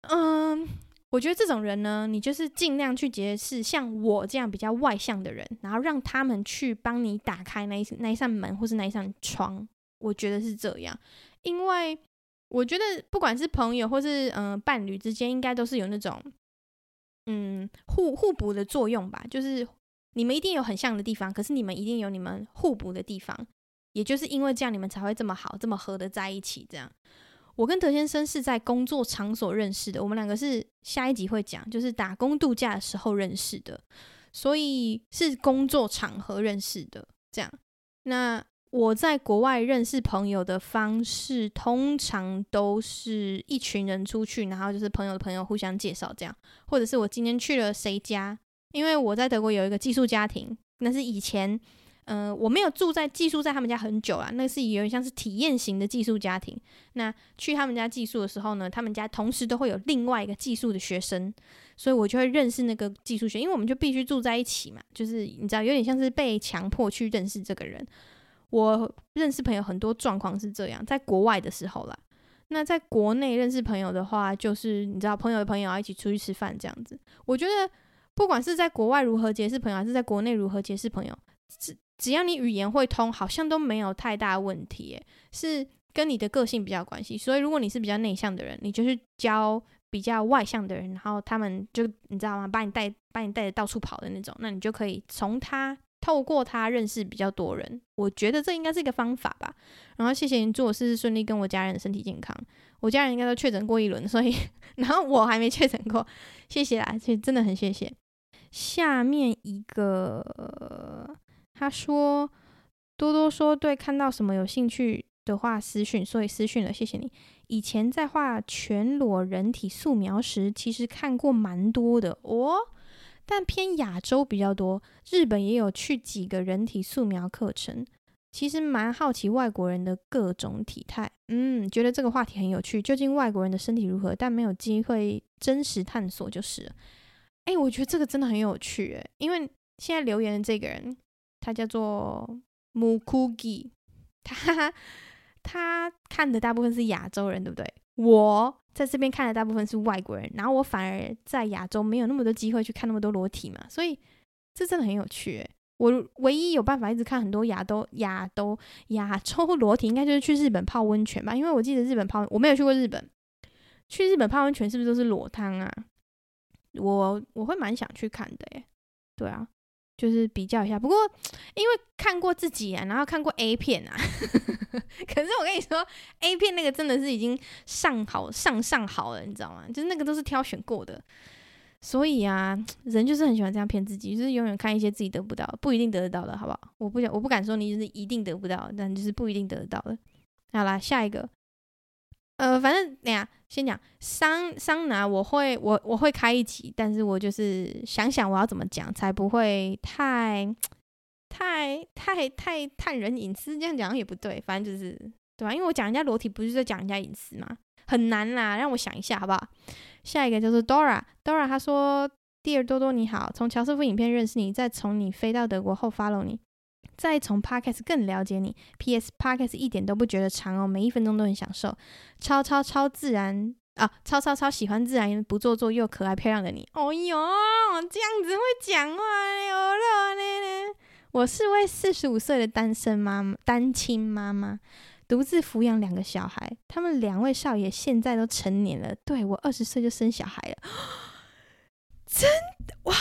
嗯，我覺得這種人呢，你就是儘量去結識像我這樣比較外向的人，然後讓他們去幫你打開那一那一扇門或是那一扇窗。我覺得是這樣，因為我覺得不管是朋友或是嗯、呃、伴侶之間，應該都是有那種嗯互互補的作用吧，就是。你們一定有很像的地方，可是你們一定有你們互補的地方，也就是因為這樣，你們才會這麼好，這麼合得在一起。這樣，我跟德先生是在工作場所認識的，我們兩個是下一集會講，就是打工度假的時候認識的，所以是工作場合認識的。這樣，那我在國外認識朋友的方式，通常都是一群人出去，然後就是朋友的朋友互相介紹這樣，或者是我今天去了誰家。因為我在德國有一個寄宿家庭，那是以前，嗯、呃，我沒有住在寄宿在他們家很久啦。那是有點像是體驗型的寄宿家庭。那去他們家寄宿的時候呢，他們家同時都會有另外一個寄宿的學生，所以我就會認識那個寄宿學，因為我們就必須住在一起嘛，就是你知道有點像是被強迫去認識這個人。我認識朋友很多，狀況是這樣，在國外的時候啦。那在國內認識朋友的話，就是你知道朋友的朋友要一起出去吃飯這樣子。我覺得。不管是在國外如何結識朋友，還是在國內如何結識朋友，只只要你語言會通，好像都沒有太大問題。是跟你的個性比較關係，所以如果你是比較內向的人，你就去交比較外向的人，然後他們就你知道嗎？把你帶，把你帶得到處跑的那種，那你就可以從他透過他認識比較多人。我覺得這應該是一個方法吧。然後謝謝你，祝我事事順利，跟我家人的身體健康。我家人應該都確診過一輪，所以然後我還沒確診過。謝謝啦，所以真的很謝謝。下面一個，呃、他說多多說對，看到什麼有興趣的話私訊，所以私訊了，謝謝你。以前在畫全裸人體素描時，其實看過蠻多的哦，但偏亞洲比較多，日本也有去幾個人體素描課程，其實蠻好奇外國人的各種體態，嗯，覺得這個話題很有趣，究竟外國人的身體如何？但沒有機會真實探索就是了。哎、欸，我覺得這個真的很有趣，哎，因為現在留言的這個人，他叫做 Mukugi，他他看的大部分是亞洲人，對不對？我在這邊看的大部分是外國人，然後我反而在亞洲沒有那麼多機會去看那麼多裸體嘛，所以這真的很有趣，哎，我唯一有辦法一直看很多亞洲亞洲亞洲裸體，應該就是去日本泡溫泉吧，因為我記得日本泡，我沒有去過日本，去日本泡溫泉是不是都是裸湯啊？我我會蠻想去看的耶，對啊，就是比較一下。不過因為看過自己啊，然後看過 A 片啊， 可是我跟你說，A 片那個真的是已經上好上上好了，你知道嗎？就是那個都是挑選過的，所以啊，人就是很喜歡這樣騙自己，就是永遠看一些自己得不到、不一定得得到的，好不好？我不想我不敢說你就是一定得不到，但就是不一定得得到的。好啦，下一個。呃，反正怎樣，先講桑桑拿我，我會我我會開一期，但是我就是想想我要怎麼講，才不會太太太太太探人隱私，這樣講也不對，反正就是對吧、啊？因為我講人家裸體，不是在講人家隱私嗎？很難啦，讓我想一下好不好？下一個就是 Dora，Dora 她說，Dear 多多你好，從喬瑟夫影片認識你，再從你飛到德國後 follow 你。再從 Podcast 更了解你。P.S. Podcast 一點都不覺得長哦，每一分鐘都很享受，超超超自然啊，超超超喜歡自然，不做作又可愛漂亮的你。哦喲，這樣子會講話，了、哦。我勒個我是位四十五歲的單身媽媽，單親媽媽，獨自撫養兩個小孩。他們兩位少爺現在都成年了，對，我二十歲就生小孩了， 真的哇！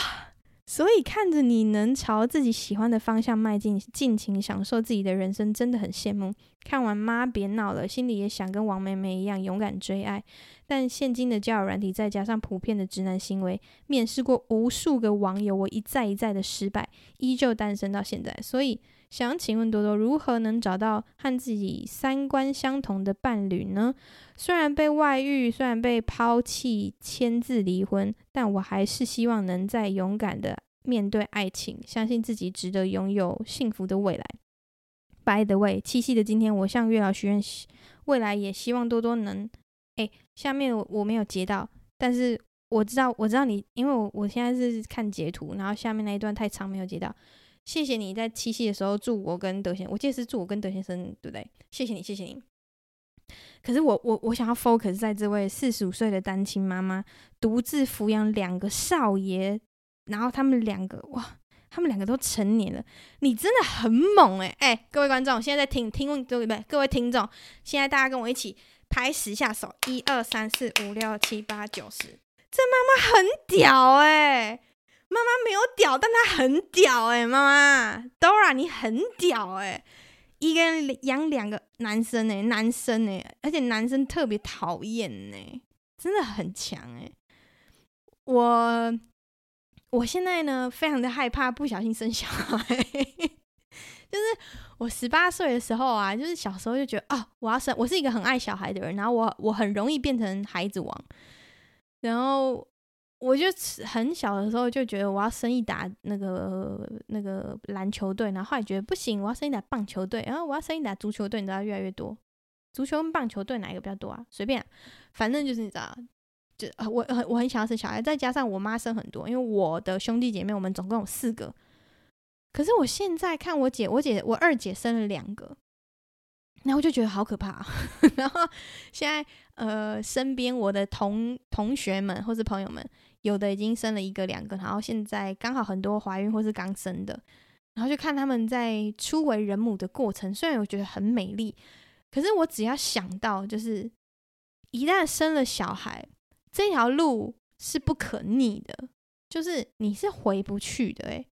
所以看着你能朝自己喜歡的方向邁進，盡情享受自己的人生，真的很羨慕。看完媽別鬧了，心裡也想跟王梅梅一樣勇敢追愛。但現今的交友軟體，再加上普遍的直男行為，面試過無數個網友，我一再一再的失敗，依舊單身到現在。所以想請問多多，如何能找到和自己三觀相同的伴侶呢？雖然被外遇，雖然被拋棄、簽字離婚，但我還是希望能再勇敢的。面對愛情，相信自己值得擁有幸福的未來。By the way，七夕的今天，我向月老許願，未來也希望多多能……哎，下面我我沒有截到，但是我知道，我知道你，因為我我現在是看截圖，然後下面那一段太長沒有截到。謝謝你在七夕的時候祝我跟德先生，我記得是祝我跟德先生，對不對？謝謝你，謝謝你。可是我我我想要 focus 在這位四十五歲的單親媽媽，獨自撫養兩個少爺。然後他們兩個哇，他們兩個都成年了，你真的很猛哎、欸、哎，各位觀眾，現在在聽聽眾不對，各位聽眾，現在大家跟我一起拍十下手，一二三四五六七八九十，這媽媽很屌哎、欸，媽媽沒有屌，但她很屌哎、欸，媽媽 Dora 你很屌哎、欸，一個人養兩個男生哎、欸，男生哎、欸，而且男生特別討厭哎、欸，真的很強哎、欸，我。我現在呢，非常的害怕不小心生小孩。 就是我十八歲的時候啊，就是小時候就覺得，哦，我要生，我是一個很愛小孩的人，然後我我很容易變成孩子王。然後我就很小的時候就覺得我要生一打那個那個籃球隊，然後後來覺得不行，我要生一打棒球隊，然後我要生一打足球隊，你知道越來越多，足球跟棒球隊哪一個比較多啊？隨便啊，反正就是你知道。就我很我很想要生小孩，再加上我媽生很多，因為我的兄弟姐妹我們總共有四個。可是我現在看我姐，我姐我二姐生了兩個，然後我就覺得好可怕啊。 然後現在呃，身邊我的同同學們或是朋友們，有的已經生了一個兩個，然後現在剛好很多懷孕或是剛生的，然後就看他們在初為人母的過程，雖然我覺得很美麗，可是我只要想到就是一旦生了小孩。這條路是不可逆的，就是你是回不去的，誒，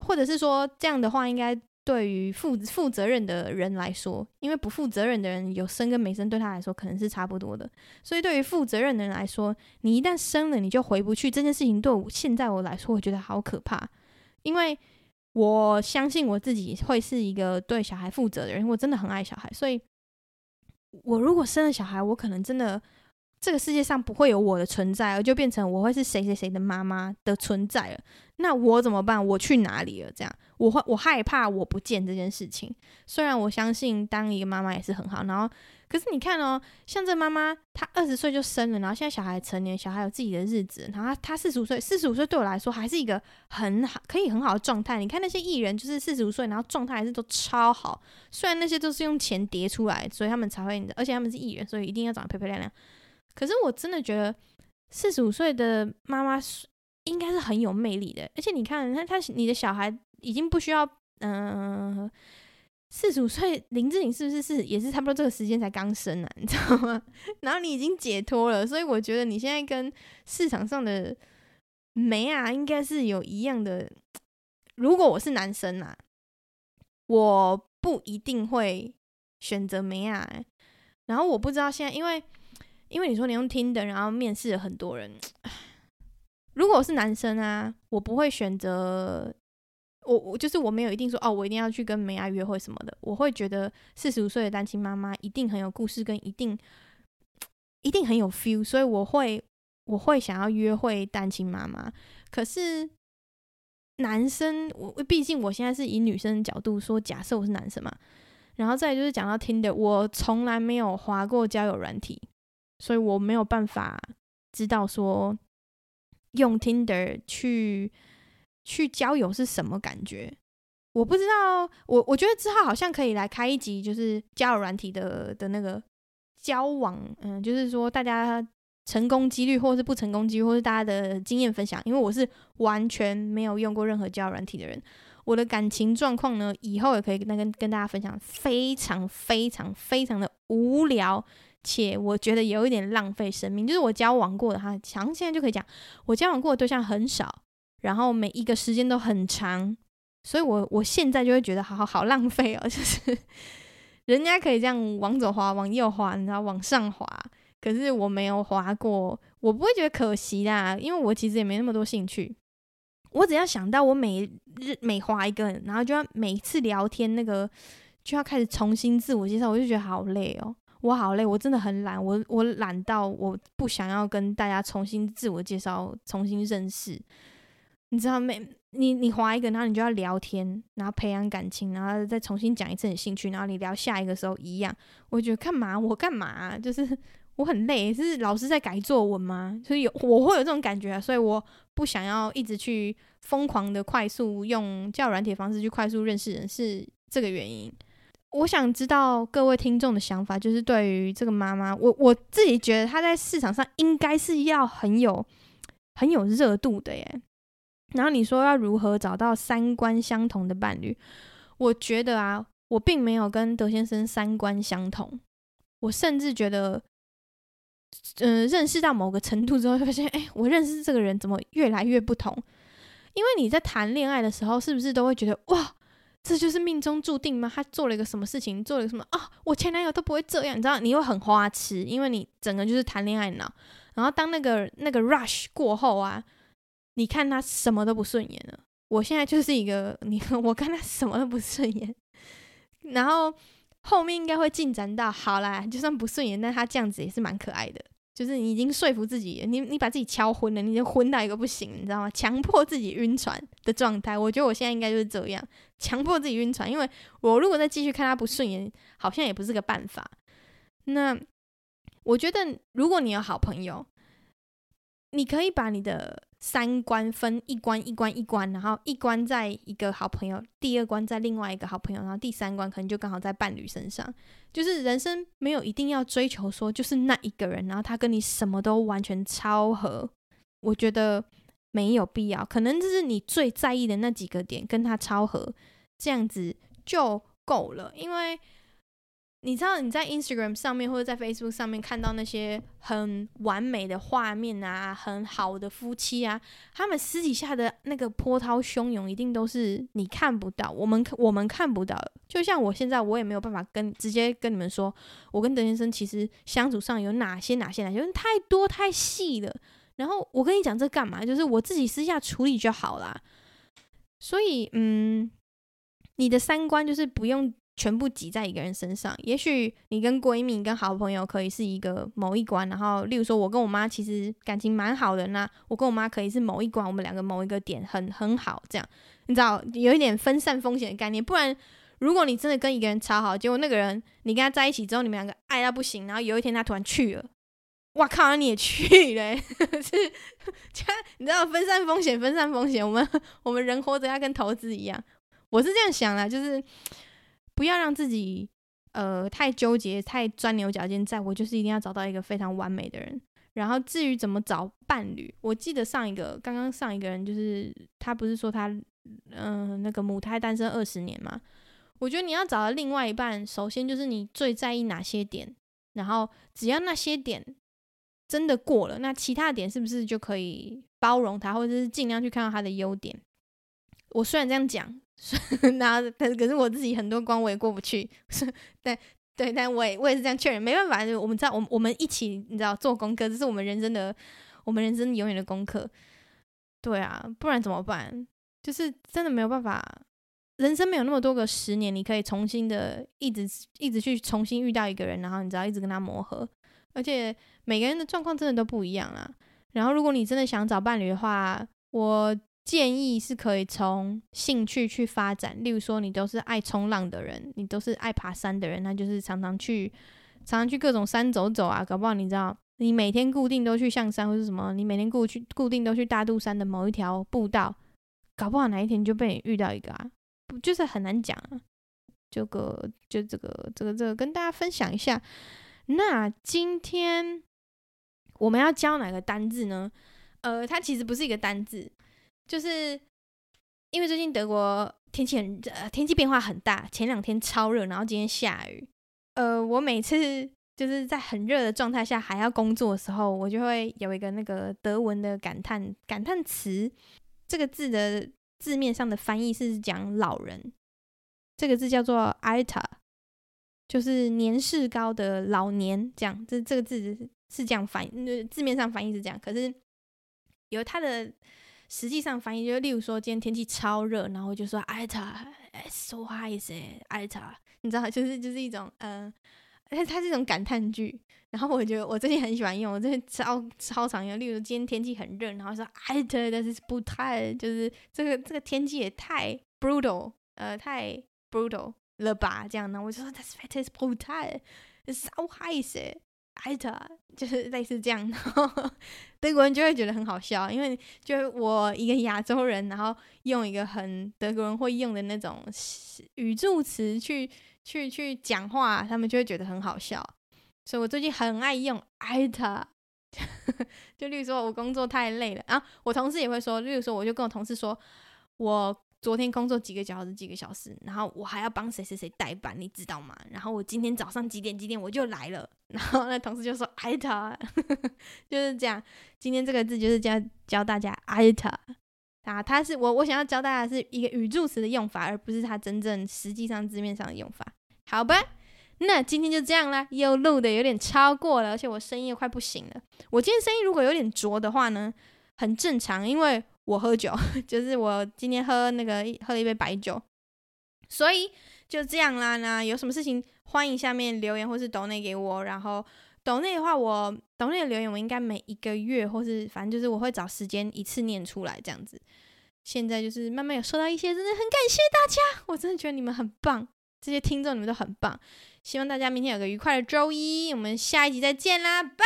或者是說這樣的話，應該對於負負責任的人來說，因為不負責任的人有生跟沒生對他來說可能是差不多的，所以對於負責任的人來說，你一旦生了你就回不去這件事情，對我現在我來說，我覺得好可怕，因為我相信我自己會是一個對小孩負責的人，我真的很愛小孩，所以我如果生了小孩，我可能真的。這個世界上不會有我的存在，而就變成我會是誰誰誰的媽媽的存在了。那我怎麼辦？我去哪裡了？這樣，我會我害怕我不見這件事情。雖然我相信當一個媽媽也是很好，然後可是你看哦，像這媽媽她二十歲就生了，然後現在小孩成年，小孩有自己的日子，然後她四十五歲，四十五歲對我來說還是一個很好可以很好的狀態。你看那些藝人就是四十五歲，然後狀態還是都超好，雖然那些都是用錢疊出來，所以他們才會，而且他們是藝人，所以一定要長得漂漂亮亮。可是我真的覺得，四十五歲的媽媽是應該是很有魅力的，而且你看，他她，你的小孩已經不需要嗯，四十五歲林志玲是不是是也是差不多這個時間才剛生啊？你知道嗎？然後你已經解脫了，所以我覺得你現在跟市場上的梅啊，應該是有一樣的。如果我是男生吶、啊，我不一定會選擇梅啊、欸。然後我不知道現在因為。因為你說你用 Tinder，然後面試了很多人。如果我是男生啊，我不會選擇我，我就是我沒有一定說哦，我一定要去跟梅雅約會什麼的。我會覺得四十五歲的單親媽媽一定很有故事，跟一定一定很有 feel，所以我會我會想要約會單親媽媽。可是男生，我畢竟我現在是以女生的角度說，假設我是男生嘛，然後再就是講到 Tinder，我從來沒有滑過交友軟體。所以我沒有辦法知道說用 Tinder 去去交友是什麼感覺。我不知道，我我覺得之後好像可以來開一集，就是交友軟體的的那個交往，嗯，就是說大家成功幾率，或是不成功幾率，或是大家的經驗分享。因為我是完全沒有用過任何交友軟體的人，我的感情狀況呢，以後也可以跟跟跟大家分享，非常非常非常的無聊。且我覺得有一點浪費生命，就是我交往過的話，像現在就可以講，我交往過的對象很少，然後每一個時間都很長，所以我我現在就會覺得好好好浪費哦、喔，就是人家可以這樣往左滑往右滑，你知道往上滑，可是我沒有滑過，我不會覺得可惜啦，因為我其實也沒那麼多興趣，我只要想到我每日每滑一個人，然後就要每次聊天那個就要開始重新自我介紹，我就覺得好累哦、喔。我好累，我真的很懶，我我懶到我不想要跟大家重新自我介紹、重新認識。你知道每你你滑一個，然後你就要聊天，然後培養感情，然後再重新講一次你興趣，然後你聊下一個時候一樣。我覺得幹嘛？我幹嘛、啊？就是我很累，是老師在改作文嗎？所以有我會有這種感覺、啊、所以我不想要一直去瘋狂的快速用叫軟體的方式去快速認識人，是這個原因。我想知道各位聽眾的想法，就是對於這個媽媽，我我自己覺得她在市場上應該是要很有很有熱度的耶。然後你說要如何找到三觀相同的伴侶？我覺得啊，我並沒有跟德先生三觀相同，我甚至覺得，嗯、呃，認識到某個程度之後就會，發現哎，我認識這個人怎麼越來越不同？因為你在談戀愛的時候，是不是都會覺得哇？這就是命中注定嗎？他做了一個什麼事情？做了一個什麼啊，哦？我前男友都不會這樣，你知道？你又很花痴，因為你整個就是談戀愛腦。然後當那個那個 rush 過後啊，你看他什麼都不順眼了。我現在就是一個，你看我看他什麼都不順眼。然後後面應該會進展到，好啦，就算不順眼，但他這樣子也是蠻可愛的。就是你已經說服自己，你你把自己敲昏了，你就昏到一個不行，你知道嗎？強迫自己暈船的狀態，我覺得我現在應該就是這樣，強迫自己暈船，因為我如果再繼續看他不順眼，好像也不是個辦法。那我覺得，如果你有好朋友。你可以把你的三觀分一觀、一觀、一觀，然後一觀在一個好朋友，第二觀在另外一個好朋友，然後第三觀可能就剛好在伴侶身上。就是人生沒有一定要追求說就是那一個人，然後他跟你什麼都完全超合，我覺得沒有必要。可能就是你最在意的那幾個點跟他超合，這樣子就夠了，因為。你知道你在 Instagram 上面或者在 Facebook 上面看到那些很完美的畫面啊，很好的夫妻啊，他們私底下的那個波濤洶湧一定都是你看不到，我們我們看不到。就像我現在，我也沒有辦法跟直接跟你們說，我跟鄧先生其實相處上有哪些哪些哪些，因為太多太細了。然後我跟你講這幹嘛？就是我自己私下處理就好啦。所以，嗯，你的三觀就是不用，全部擠在一個人身上，也許你跟閨蜜、跟好朋友可以是一個某一關，然後例如說我跟我媽其實感情蠻好的那、啊，我跟我媽可以是某一關，我們兩個某一個點很很好，這樣你知道有一點分散風險的概念。不然，如果你真的跟一個人超好，結果那個人你跟他在一起之後，你們兩個愛到不行，然後有一天他突然去了，哇靠，你也去嘞、欸？ 是，你知道分散風險，分散風險。我們我們人活着要跟投資一樣，我是這樣想的，就是。不要讓自己呃太糾結、太鑽牛角尖，在我就是一定要找到一個非常完美的人。然後至於怎麼找伴侶，我記得上一個剛剛上一個人就是他不是說他嗯、呃、那個母胎單身二十年嘛？我覺得你要找到另外一半，首先就是你最在意哪些點，然後只要那些點真的過了，那其他點是不是就可以包容他，或者是盡量去看到他的優點？我雖然這樣講。然後， 但是可是我自己很多關我也過不去，是，對，對，但我也我也是這樣確認，沒辦法，就我們知道，我我們一起，你知道，做功課，這是我們人生的，我們人生永遠的功課，對啊，不然怎麼辦？就是真的沒有辦法，人生沒有那麼多個十年，你可以重新的一直一直去重新遇到一個人，然後你只要一直跟他磨合，而且每個人的狀況真的都不一樣啊。然後，如果你真的想找伴侶的話，我。建議是可以從興趣去發展，例如說你都是愛衝浪的人，你都是愛爬山的人，那就是常常去，常常去各種山走走啊，搞不好你知道，你每天固定都去象山或是什麼，你每天固去固定都去大肚山的某一條步道，搞不好哪一天就被你遇到一個啊，不就是很難講，啊，這個就、這個、這個這個這個跟大家分享一下。那今天我們要教哪個單字呢？呃，它其實不是一個單字。就是因為最近德國天氣很熱，天氣變化很大，前兩天超熱，然後今天下雨。呃，我每次就是在很熱的狀態下還要工作的時候，我就會有一個那個德文的感嘆感嘆詞。這個字的字面上的翻譯是講老人，這個字叫做 “Alter”，就是年事高的老年。這樣，這這個字是這樣翻譯，字面上翻譯是這樣。可是有它的。實際上翻譯就是、例如說今天天氣超熱，然後我就說 Alter, it's so heiß, Alter，你知道就是就是一種嗯，呃、是它是一種感嘆句，然後我覺得我最近很喜歡用，我最近超超常用，例如說今天天氣很熱，然後說 Alter, das ist brutal，就是這個這個天氣也太 brutal，呃太 brutal 了吧這樣呢，然後我就說 Das ist brutal, it's so heiß。Alter 就是類似這樣的，然後德國人就會覺得很好笑，因為就是我一個亞洲人，然後用一個很德國人會用的那種語助詞去去去講話，他們就會覺得很好笑。所以我最近很愛用 Alter，就例如說我工作太累了啊，我同事也會說，例如說我就跟我同事說我。昨天工作幾個小時，幾個小時，然後我還要幫誰誰誰代班，你知道嗎？然後我今天早上幾點幾點我就來了，然後那同事就說 i t 就是這樣。今天這個字就是教教大家 i 他啊，它是我我想要教大家是一個語助詞的用法，而不是它真正實際上字面上的用法，好吧？那今天就這樣啦，又錄的有點超過了，而且我聲音又快不行了。我今天聲音如果有點濁的話呢，很正常，因為。我喝酒，就是我今天喝那個喝了一杯白酒，所以就這樣啦。那有什麼事情歡迎下面留言或是抖內給我。然後抖內的話我，我抖內的留言，我應該每一個月或是反正就是我會找時間一次念出來這樣子。現在就是慢慢有收到一些，真的很感謝大家，我真的覺得你們很棒，這些聽眾你們都很棒。希望大家明天有個愉快的週一，我們下一集再見啦，拜。